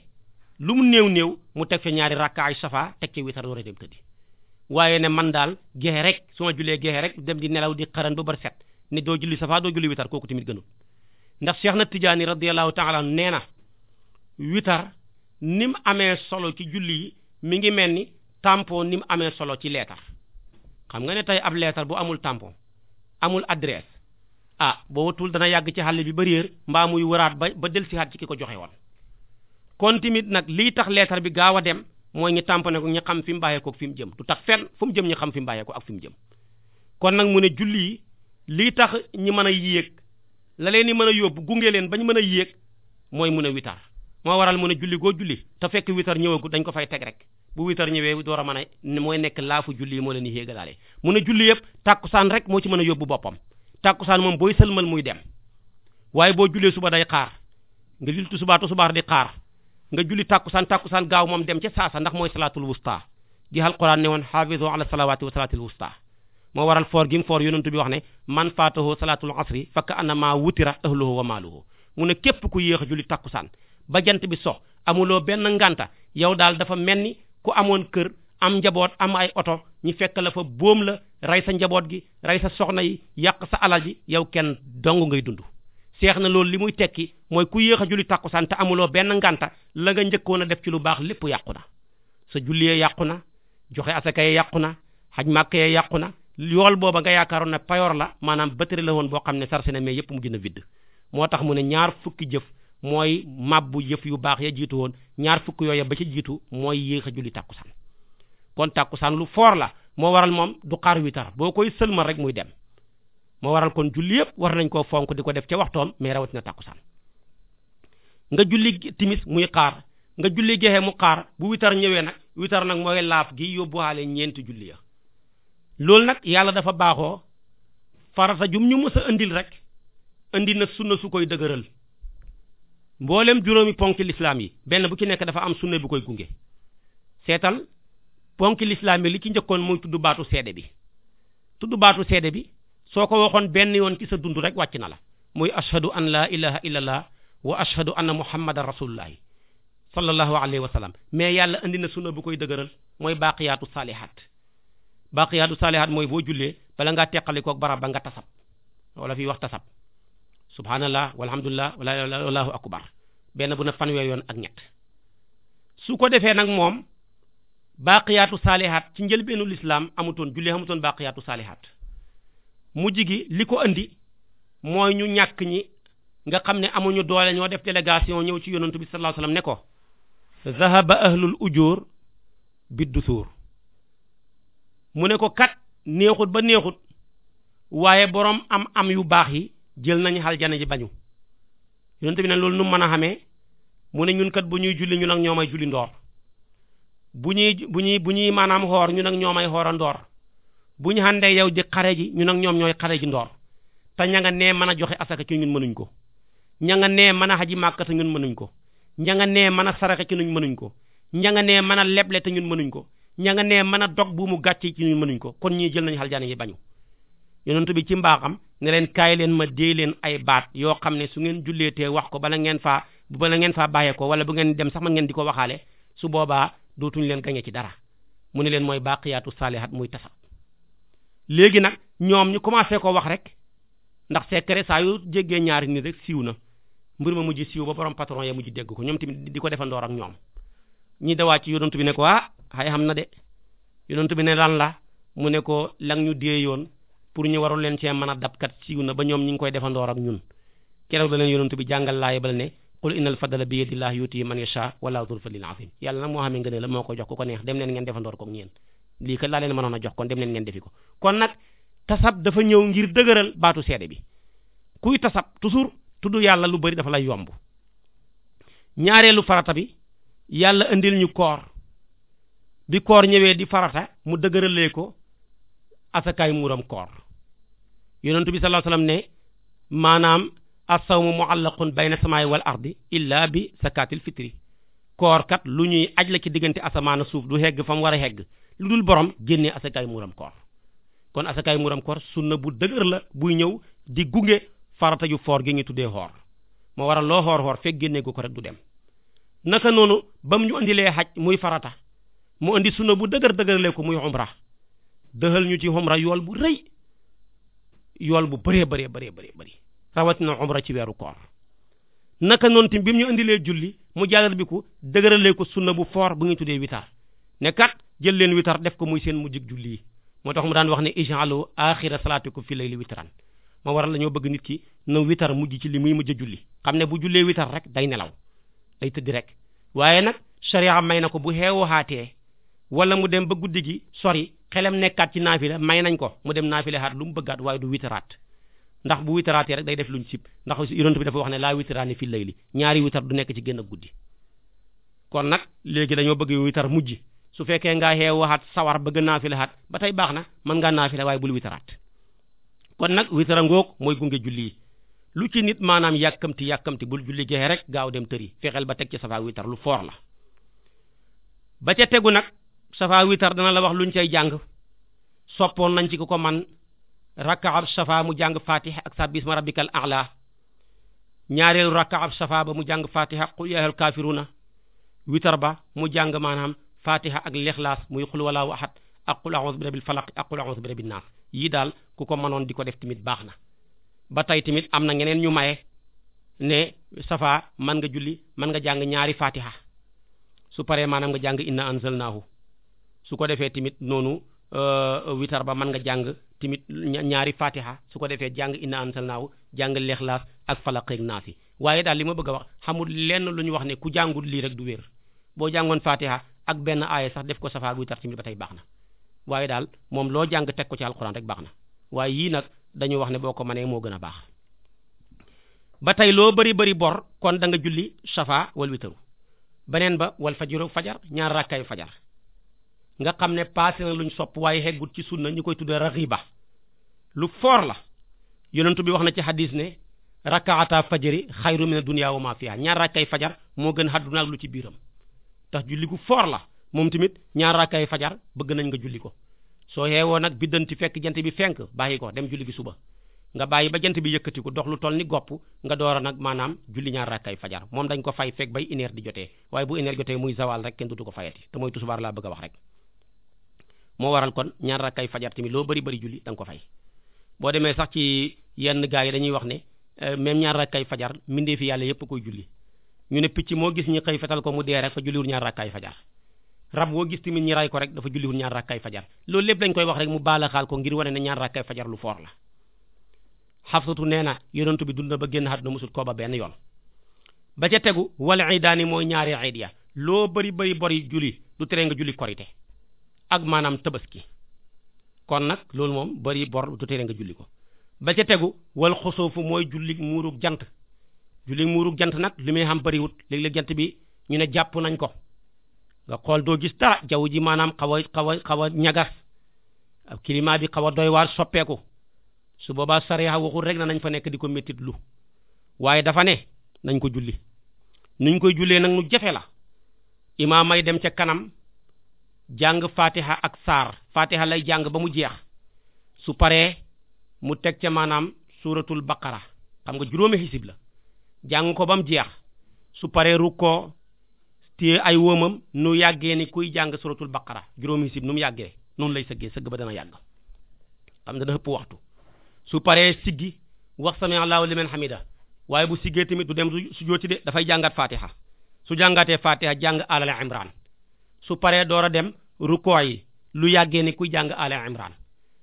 S1: lu mu néew néew mu teg ñaari rakkaay safa teg ci witar doora waaye ne man daal gexe rek su ma julee gexe rek dem di nelaw di xaran ba bari set ne doo julli safa doo julli witar kooku tamit gënul ndax seex na Tidiane radiyallahu ta'ala nee na witar ni mu amee solo ci julli yi mi ngi mel ni tampon ni mu amee solo ci leetar xam nga ne tey ab leetar bu amul tampon amul adresse ah boo watul dana yàgg ci xàll bi ba réer mbaa muy waraat ba ba dellusiwaat ci ki ko joxe woon kon timit nag liy tax leetar bi gaaw a dem mooy ñi tàmpane ko ñi xam fi mu bàyyeekoo ak fi mu jëm du tax fenn fu mu jëm ñi xam fi mu bàyyeekoo ak fi mu jëm kon nag mu ne julli yi lii tax ñi mën a yéeg la leen di mën a yóbbu gunge leen ba bañ mën a yéeg mooy mun a witar moo waral mu ne julli goo julli te fekk witar ñëwagul dañ ko fay teg rek bu witar ñëwee door a mën a mooy nekk laafu julli yi moo leen di yéegalaale mu ne julli yëpp tàkkusaan rek moo ci mën a yóbbu boppam tàkkusaan moom booy sëlmal muy dem waaye boo jullee suba day xaar nga julli tisbaar tisbaar di xaar nga julli tàkkusaan tàkkusaan gaaw moom dem ca saasa ndax mooy salaatul wusta gi alquran ne woon hafizu ala salawati wa salaatil wusta moo waral foor gi mu foor yonentu bi wax ne man faatahu salaatul asri fakka annama wutira ahluhu wa maaluhu mu ne képp ku yéex a julli tàkkusaan ba jant bi sox amuloo benn nganta yow daal dafa mel ni ku amoon kër am njaboot am ay oto ñu fekk la fa boom la rey sa njaboot gi rey sa soxna yi yàq sa alal ji yow kenn dong ngay dund seex na loolu li muy tekki mooy ku yéex a julli tàkkusaan te amuloo benn ngànta la nga njëkkoon a def ci lu baax lépp yàqu na sa julli yàqu na joxe asaka yee yàqu na xaj màkk yee yàqu na yool booba nga yaakaaroon ne payoor la maanaam batëri la woon boo xam ne sarse na mais yëpp mu gën a vidd moo tax mu ne ñaar fukki jëf mooy mabbu jëf yu baax ya jiitu woon ñaar fukki yooya ba ci jiitu mooy yéex a julli tàkkusaan kon tàkkusaan lu foor la moo waral moom du xaar witar boo koy sëlmal rek muy dem moo waral kon julli yëpp war nañ koo fonk di ko def ca waxtoon mais rawatina tàkkusaan nga julli timis muy xaar nga julli gexe mu xaar bu witar ñëwee nag witar nag mooy laaf gi yóbbuwaale ñeenti julli ya loolu nag yàlla dafa baaxoo farata jum ñu mës indil andil rek indi na sunna su koy dëgëral mboolem juróomi ponki lislaam yi benn bu ci nekk dafa am sunna bu koy gunge seetal ponki lislaam yi li ci njëkkoon muy tudd baatu seede bi tudd baatu seede bi soo ko waxoon benn yoon ci sa dund rek wàcc na la muy ashhadu an la ilaha illallah wa ashhadu anna muhammadan rasulullahi sallallahu alayhi wa sallam mais yàlla indi na sunna bu koy dëgëral mooy baaqiyaatu saalihaat baaqiyaatu saalihaat mooy boo jullee bala ngaa teqalikoog barab ba nga tasab wala fi wax tasab subhanallah walhamdulillah wala wallahu akbar benn bu na fanweer yoon ak ñett su ko defee nag moom baaqiyaatu saalihaat ci njëlbeenu lislaam amutoon jullee amutoon baaqiyaatu saalihaat mujj gi li ko indi mooy ñu ñàkk ñi nga xam ne amuñu doole ñoo def délégation ñëw ci yonantu bi sallallahu alayhi wasallam ne ko zahaba ahlul ujur suur mu ne ko kat neexut ba neexut waaye boroom am am yu baax yi jël nañu aljana ji bañu yonent bi na loolu nu mën a xame mu ne ñun kat bu ñuy julli ñun ak ñoomay julli ndoor bu ñuy bu ñuy bu ñuy maanaam xoor ñun ak ñoomay xoora ndoor bu ñu àndee yow di xare ji ñun ak ñoom ñooy xare ji ndoor te ña nga nee mën a joxe asaka ci ñun mënuñ ko ña nga nee mën a xaji màkka te ñun mënuñ ko ña nee man a saraka ci ñun mënuñ ko ña nga nee mën a leble te ñun mënuñ ko ña nee man a dog bu mu gàcce ci ñun mënuñ ko kon ñii jël nañu xaljaane yi bañu yonentu bi ci mbaaxam ne leen kaay leen ma dee leen ay baat yoo xam ne su ngeen jullee julleetee wax ko bala ngeen faa bala ngeen faa bàyyee ko wala bu ngeen dem sax man ngeen di ko waxaale su boobaa dootuñu leen gañe ci dara mu ne leen mooy baaqiyaatu saalihaat muy tasa léegi nag ñoom ñu commencé ko wax rek ndax secret saa yu jéggee ñaari nit rek siw na mbir ma mujj siiw ba borom patron ya mujj dégg ko ñoom tamit di ko defandoor ak ñoom ñi dawaat ci yonent bi ne ko ah xay xam na de yonent bi ne lan la mu ne ko lang ñu yoon pour ñu warul leen cee mën a dabkat siiw na ba ñoom ñi koy defandoor ak ñun keroog la leen a bi jàngal laay bal ne qul innal fadla bi yadillahi yuti man yasha wala dhul fadlil azim yàlla nag moo xamee nga ne la moo ko jox ku ko neex dem leen ngeen defandoor lii kat laa leen mënoon a jox kon dem leen ngeen defi ko kon nag tasab dafa ñëw ngir dëgëral baatu seede bi kuy tasab toujours tudd yàlla lu bari dafa lay yomb ñaareelu farata bi yàlla indil ñu koor bi koor ñëwee di farata mu dëgëralee ko asakaay muuram koor yonentu bi sallallahu alayhi wasallam ne maanaam mu sawmu mu'allaqun bayna samaa'i wal ardi illa bi zakatil fitri koor kat lu ñuy aj la ci diggante asamaan suuf du hegg fa mu war a hegg lu dul borom génnee asakaay muuram koor kon asakaay muuram koor sunna bu dëgër la buy ñëw di gunge farata yu foor gi ñu tuddee xoor moo waral loo xoor xoor fekk génnee gu ko rek du dem naka noonu ba mu ñu indilee xaj muy farata mu indi sunna bu dëgër dëgërlee ko muy umra dëxal ñu ci umra yool bu rëy yool bu bëree bëree bëree bëree bëri rawatina umra ci weeru koor naka noonu tamit bi mu ñu indilee julli mu jàllar bi ko dëgëralee ko sunna bu foor bu ñu tuddee witar ne jël leen witar def ko muy seen mujjug julli moo tax mu daan wax ne ij'alu axira salaatikum fi layli witran moo waral la ñoo bëgg nit ki na witar mujj ci li muy mujj julli xam ne bu jullee witar rek day nelaw day tëddi rek waaye nag sharia may na ko bu xeewu xaatee wala mu dem ba guddi gi sori xelem nekkaat ci naafila may nañ ko mu dem naafila xaat lu mu bëggaat waaye du witaraat ndax bu witaraatee rek day def luñ sib ndax yonent bi dafa wax ne laa witaraani fi layli ñaari witar du nekk ci génn guddi kon nag léegi dañoo bëgg witar mujj su fekkee ngaa xeew waxaat sawar bëgg naafila xaat ba tey baax na mën ngaa naafila waaye bul witaraat kon nag witara ngoog mooy gunge julli lu ci nit maanaam yàkkamti yàkkamti bul julli gexe rek gaaw dem tëri fexeel ba teg ci safa witar lu foor la ba ca tegu nag safa witar dana la wax luñ cay jàng soppoon nañ ci ku ko man rakaab safa mu jàng fatiha ak sabbi isma rabbikal a'la ñaareelu rakaab safa ba mu jàng fatiha qul ya ayyuhal kafiruna fatiha ak lexlaas muy xul walaahu ahad ak qul a'udhu bi rabbil falaq ak qul yii daal ku ko mënoon di ko def tamit baax na ba tey tamit am na ñeneen ñu maye ne safa man nga julli man nga jàng ñaari fatiha su paree maanaam nga jàng inna anzalnahu su ko defee tamit noonu euh, witar ba mën nga jàng tamit ñaari fatiha su ko defee jàng inna anzalnahu jàng lexlaas ak falaq ak naas waaye daal li ma bëgg a wax xamul lenn lu ñu wax ne ku jàngul lii rek du wér boo jàngoon ak benn aaya sax def ko safaa safa buy tartiim ba tey baax na waaye daal moom loo jàng teg ko ci alxuraan rek baax na waaye yii nag dañu wax ne boo ko manee moo gën a baax ba tey loo bari bari bor kon danga julli safa wal witaru beneen ba wal fajiru fajar ñaar rakkaayu fajar nga xam ne passé na luñ sopp waaye xeggut ci sunna ñu koy tuddee raxiba lu foor la yonentu bi wax na ci xadis ne rakaata fajari xayru mina dunya wa ma fiha moo gën àdduna ak lu ci biiram tax julli gu foor la moom tamit ñaar raakaay fajar bëgg nañ nga julli ko soo yeewoo nag biddanti fekk jant bi fenk bàyyi ko dem julli gi suba nga bàyyi ba jant bi yëkkati ko dox lu toll ni gopp nga door a nag maanaam julli ñaar rakkay fajar moom dañ ko fay fekk bay une di jotee waaye bu une muy zawal rek kenn dutu ko fayati te mooy tusubaar laa bëgg a wax moo waral kon ñaar rakkay fajar tamit loo bari bari julli da nga ko fay boo demee sax ci yenn gaa yi dañuy wax ne euh, même ñaar rakkay fajar mindee fi yàlla yépp koy julli ñu ne picc moo gis ñi xëy fetal ko mu dee rek fa julliwul ñaar rakkaay fajar rab woo gis tamit ñi ray ko rek dafa julliwul ñaar rakkaay fajar loolu lépp lañ koy wax rek mu baala xaal ko ngir wane ne ñaar rakkaay fajar lu foor la xafsatu nee na yonentu bi dund na ba génn àdduna musul kooba benn yoon ba ca tegu wal iidaani mooy ñaari iid loo bëri bëri bori julli du tere nga julli korite ak maanaam tabaski kon nag loolu moom bëri nga julli ko ba ca tegu wal xosoofu mooy julli muuru jant julli muurug jant nag li muy xam bariwut léeg-léeg jant bi ñu ne jàpp nañ ko nga xool doo gis dara jaww ji maanaam xaw a xaw a xaw a ñagas climat bi xaw a doy soppeeku su boobaa sariya waxul rek na nañ fa nekk di ko méttit lu waaye dafa ne nañ ko julli nuñ koy jullee nag nu jafe la imaam may dem ca kanam jàng fatiha ak saar fatiha lay jàng ba mu jeex su paree mu teg ca maanaam suuratul baqara xam nga juróomi xisib la jàng ko ba mu jeex su paree rukkoo téye ay wóomam nu yàggee ni kuy jàng suratul baqara juróomi sib nu mu yàggee noonu lay sëggee sëgg ba dana yàgg xam dana ëpp waxtu su paree siggi wax sami allahu liman hamida waaye bu siggee tamit du dem su jooti de dafay jàngat fatiha su jàngatee fatiha jàng alal imran su paree door a dem rukkoo yi lu yàggee ni kuy jàng alal imran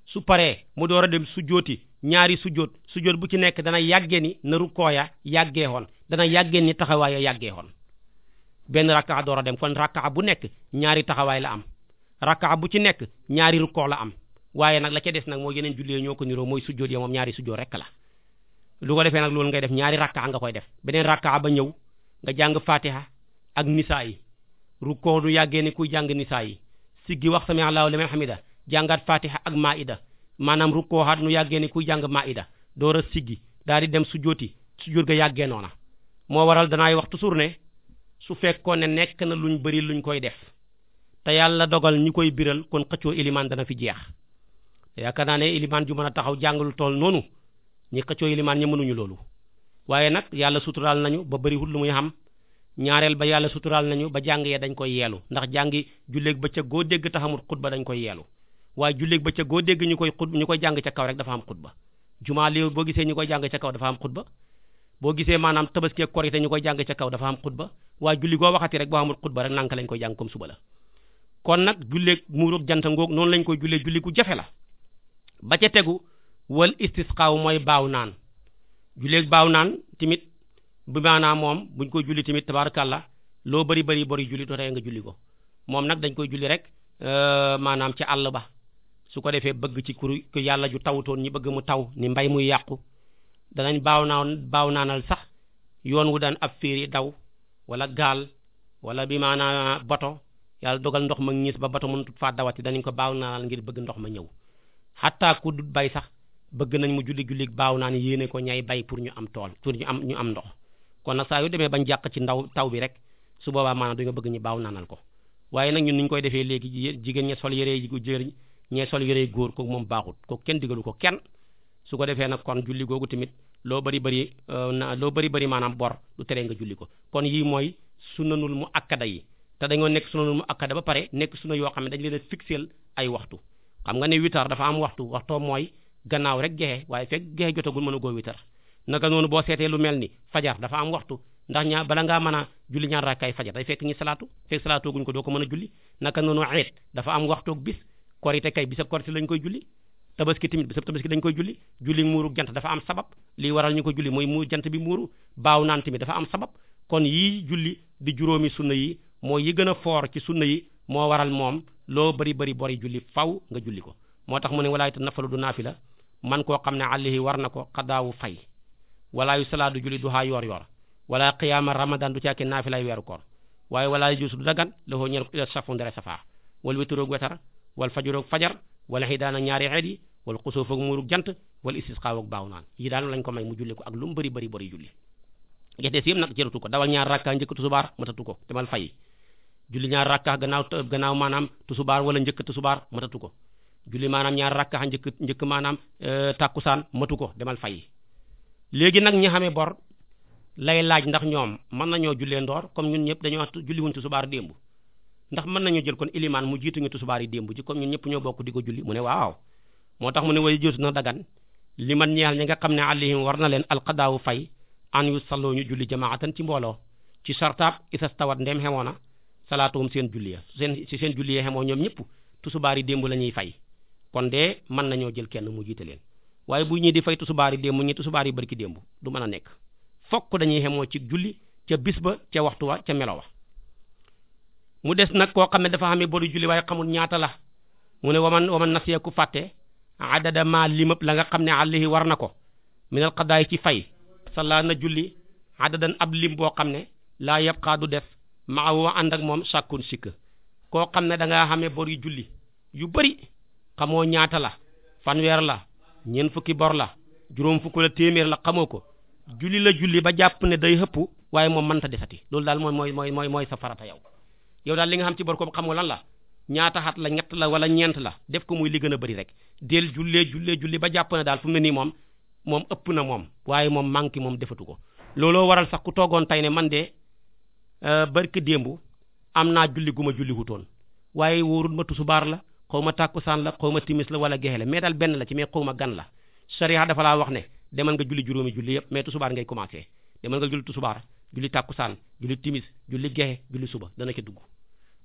S1: su paree mu door a dem su jooti ñaari sujjóot sujjóot bu ci nekk dana yàggee ni na rukkooya ya woon dana yàggee ni taxawaaya yàggee woon benn rakkaa door a dem kon rakkaa bu nekk ñaari taxawaay la am rakkaa bu ci nekk ñaari rukkoo la am waaye nag la ca des nag mooy yeneen jullee ñoo ko niroo mooy sujjóot ya moom ñaari sujjóot rek la lu ko defee nag loolu ngay def ñaari rakkaa nga koy def beneen rakkaa ba ñëw nga jàng fatiha ak nisaa yi rukkoo du yàggee ni kuy jàng nisaa yi siggi wax sami Allahu liman hamida jàngaat fatiha ak maida maanaam rukkoo xaat nu yàggee ni kuy jàng maida door a siggi daal di dem su jooti jur ga yàggee noona moo waral danaay wax toujours ne su fekkoon ne nekk na luñ bëri luñ koy def te yàlla dogal ñu koy biral kon xëccoo ilimaan dana fi jeex yaakaar naa ne ilimaan ju mën a taxaw jàng lu tool noonu ñi xëccoo ilimaan ñi mënuñu loolu waaye nag yàlla suturaal nañu ba bëriwul lu muy xam ñaareel ba yàlla suturaal nañu ba jàng yee dañ koy yeelu ndax jàngi julleeg bëccëg goo dégg taxamul xutba dañ koy yeelu waaye julleeg bëccëg goo dégg ñu koy xut ñu koy jàng ca kaw rek dafa am xutba jumaa li boo gisee ñu koy jàng ca kaw dafa am xutba boo gisee maanaam tabaski ak korite ñu koy jàng ca kaw dafa am xutba waaye julli goo waxati rek boo amul xutba rek nanka lañ koy jàng kon nag julleeg muuróog jant ngoog noonu lañ koy jullee julli gu jafe la ba ca tegu wal istisqaaw mooy baaw naan julleeg baaw naan tamit bu maanaam moom buñ koy julli tamit kàlla loo bari bari bori julli dootee nga julli ko moom nag dañ koy julli rek euh, maanaam ci àll ba su ko defee bëgg ci ku yàlla ju tawutoon ñi bëgg mu taw ni mbay muy yàqu danañ baaw naan baaw naanal sax yoon wu daan ab fiir yi daw wala gaal wala bi maanaa bato yàlla dogal ndox ma ñiis ba bato mënut faa dawati danañ ko baaw naanal ngir bëgg ndox ma ñëw xataa ku dut bay sax bëgg nañ mu julli julli baaw naan yéene ko ñay bay pour ñu am tool pour ñu am ñu am ndox kon nag saa yu demee bañ jàq ci ndaw taw bi rek su boobaa maanaam du nga bëgg ñu baaw naanal ko waaye nag ñun niñ koy defee léegi jigéen ña sol yére yu jëriñ ñee sol yërey góor kooku moom baaxut kooku kenn digalu ko kenn su ko defee nag kon julli googu tamit loo bari bari euh, na loo bari bari maanaam bor du tere nga julli ko kon yii mooy su sunanul mu akkada yi te dañoo nekk sunanul mu akkada ba pare nekk suna yoo xam ne dañ leen a fixeel ay waxtu xam nga ne witar dafa am waxtu waxtoo mooy gannaaw rek gexe waaye fekk gexe jotagul mën a goo witar naka noonu boo seetee lu mel ni fajar dafa am waxtu ndax ñaa bala ngaa mën a julli ñaar ay fajar day fekk ñu salaatu fekk salaatooguñ ko doo ko mën a julli naka noonu eet dafa am waxtoog bis korite kay bisab korite lañ koy julli tabaski tamit bisab tabaski lañ koy julli julli muuru jant dafa am sabab lii waral ñu ko julli mooy muur jant bi muuru baaw naan tamit dafa am sabab kon yii julli di juróomi sunna yi moo yi gën a foor ci sunna yi moo waral moom loo bari bari bori julli faw nga julli ko moo tax mu ne walaay te nafalu du naafi la man koo xam ne àllihi war na ko xadaawu fay walaayu salaa du julli duhaa yoor yoor wala qiyaama ramadan du caake naafi lay weeru koor waaye walaayu juus du dagan la hoo ñeel ko ila safundere safaa wala wéturoog wetar wal fajuroog fajar wala xidaan ak ñaari xeet yi wala xusóof ak muurug jant wala istisqaaw ak baaw naan yi daal lañ ko may mu julli ko ak lu mu bëri bëri bëri julli gerte si yëpp nag jëratu ko dawal ñaar rakka njëkk tusubaar matatu ko demal fay julli ñaar rakka gannaaw gannaaw maanaam tusubaar wala njëkk tusubaar matatu ko julli maanaam ñaar rakka njëkk njëkk maanaam e, tàkkusaan matu ko demal fay léegi nag ñi xame bor lay laaj ndax ñoom mën nañoo jullee ndoor comme ñun ñëpp dañoo julli wuñ tusubaar démb ndax mën nañu jël kon ilimaan mu jiituñu ñu yi démb ji comme ñun ñëpp ñoo bokk di ko julli mu ne waaw moo tax mu ne way jootu na dagan li man ñeel ñi nga xam ne alayhim war na leen alqadaawu fay an yu salloo ñu julli jamaatan ci mbooloo ci sartaab isas tawat ndem xemoo na salaatuhum seen julli ya seen si seen julli ya xemoo ñoom ñëpp tusubaar yi démb la ñuy fay kon de mën nañoo jël kenn mu jiite leen waaye bu ñi di fay tusubaar yi démb ñi tusubaar yi barki démb du mën a nekk fokk dañuy xemoo ci julli ca bis ba ca waxtu wa ca melo mu des nag koo xam ne dafa xamee boru julli waaye xamul ñaata la mu ne waman waman nasiya ku fàtte adada ma limab la nga xam ne àllihi war na ko minal xadaay ci fay salla na julli adadan ab lim boo xam ne laa yabqaa du def maa wa ànd ak moom sàkkun sikk koo xam ne da ngaa xamee bor yu julli yu bëri xamoo ñaata la fanweer la ñeent fukki bor la juróom fukki la téeméer la xamoo ko julli la julli ba jàpp ne day xëpp waaye moom mënta defati loolu daal mooy mooy mooy mooy mooy sa farata yow yow daal li nga xam ci bor ko xam nga lan la ñaata xat la ñett la wala ñeent la def ko muy li gën a bëri rek del jullee jullee julli ba jàpp na daal fu mu ne nii moom moom ëpp na moom waaye moom manqué moom defatu ko looloo waral sax ku toogoon tey ne man de euh, barke démb am naa julli gu ma julli wutoon waaye wóorul ma tusubaar la xaw ma tàkkusaan la xaw ma timis la wala gexe la mais daal benn la ci mais xaw ma gan la sariya dafa laa wax ne demal nga julli juróomi julli yëpp mais tusubaar ngay commencer demal nga julli tusubaar julli tàkkusaan julli timis julli gexe julli suba dana ca dugg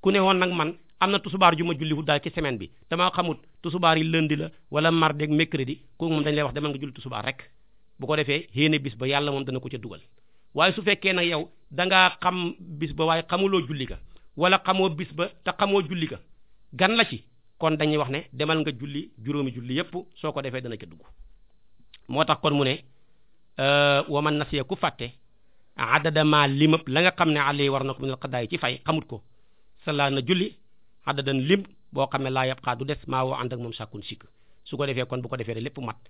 S1: ku ne woon nag man am na tusubaar ju ma julli julliwut daal ci semaine bi damaa xamut tusubaar yi lëndi la wala mardi ak mercredi kooku moom dañ lay wax demal nga julli tusubaar rek bu ko defee yéene bis ba yàlla moom dana ko ca dugal waaye su fekkee nag yow da xam bis ba waaye xamuloo julli wala xamoo bis ba te xamoo julli gan la ci kon dañuy wax ne demal nga julli juróomi julli yépp soo ko defee dana ca dugg moo tax kon mu ne euh, wa man nasiya ku fàtte adadama limab la nga xam ne alay war na ko minal qadaay ci fay xamut ko sallaa na julli adadan lim boo xam ne laa yab xaa du des maa wo ànd ak moom sàkkun sikk su ko defee kon bu ko defee lépp mat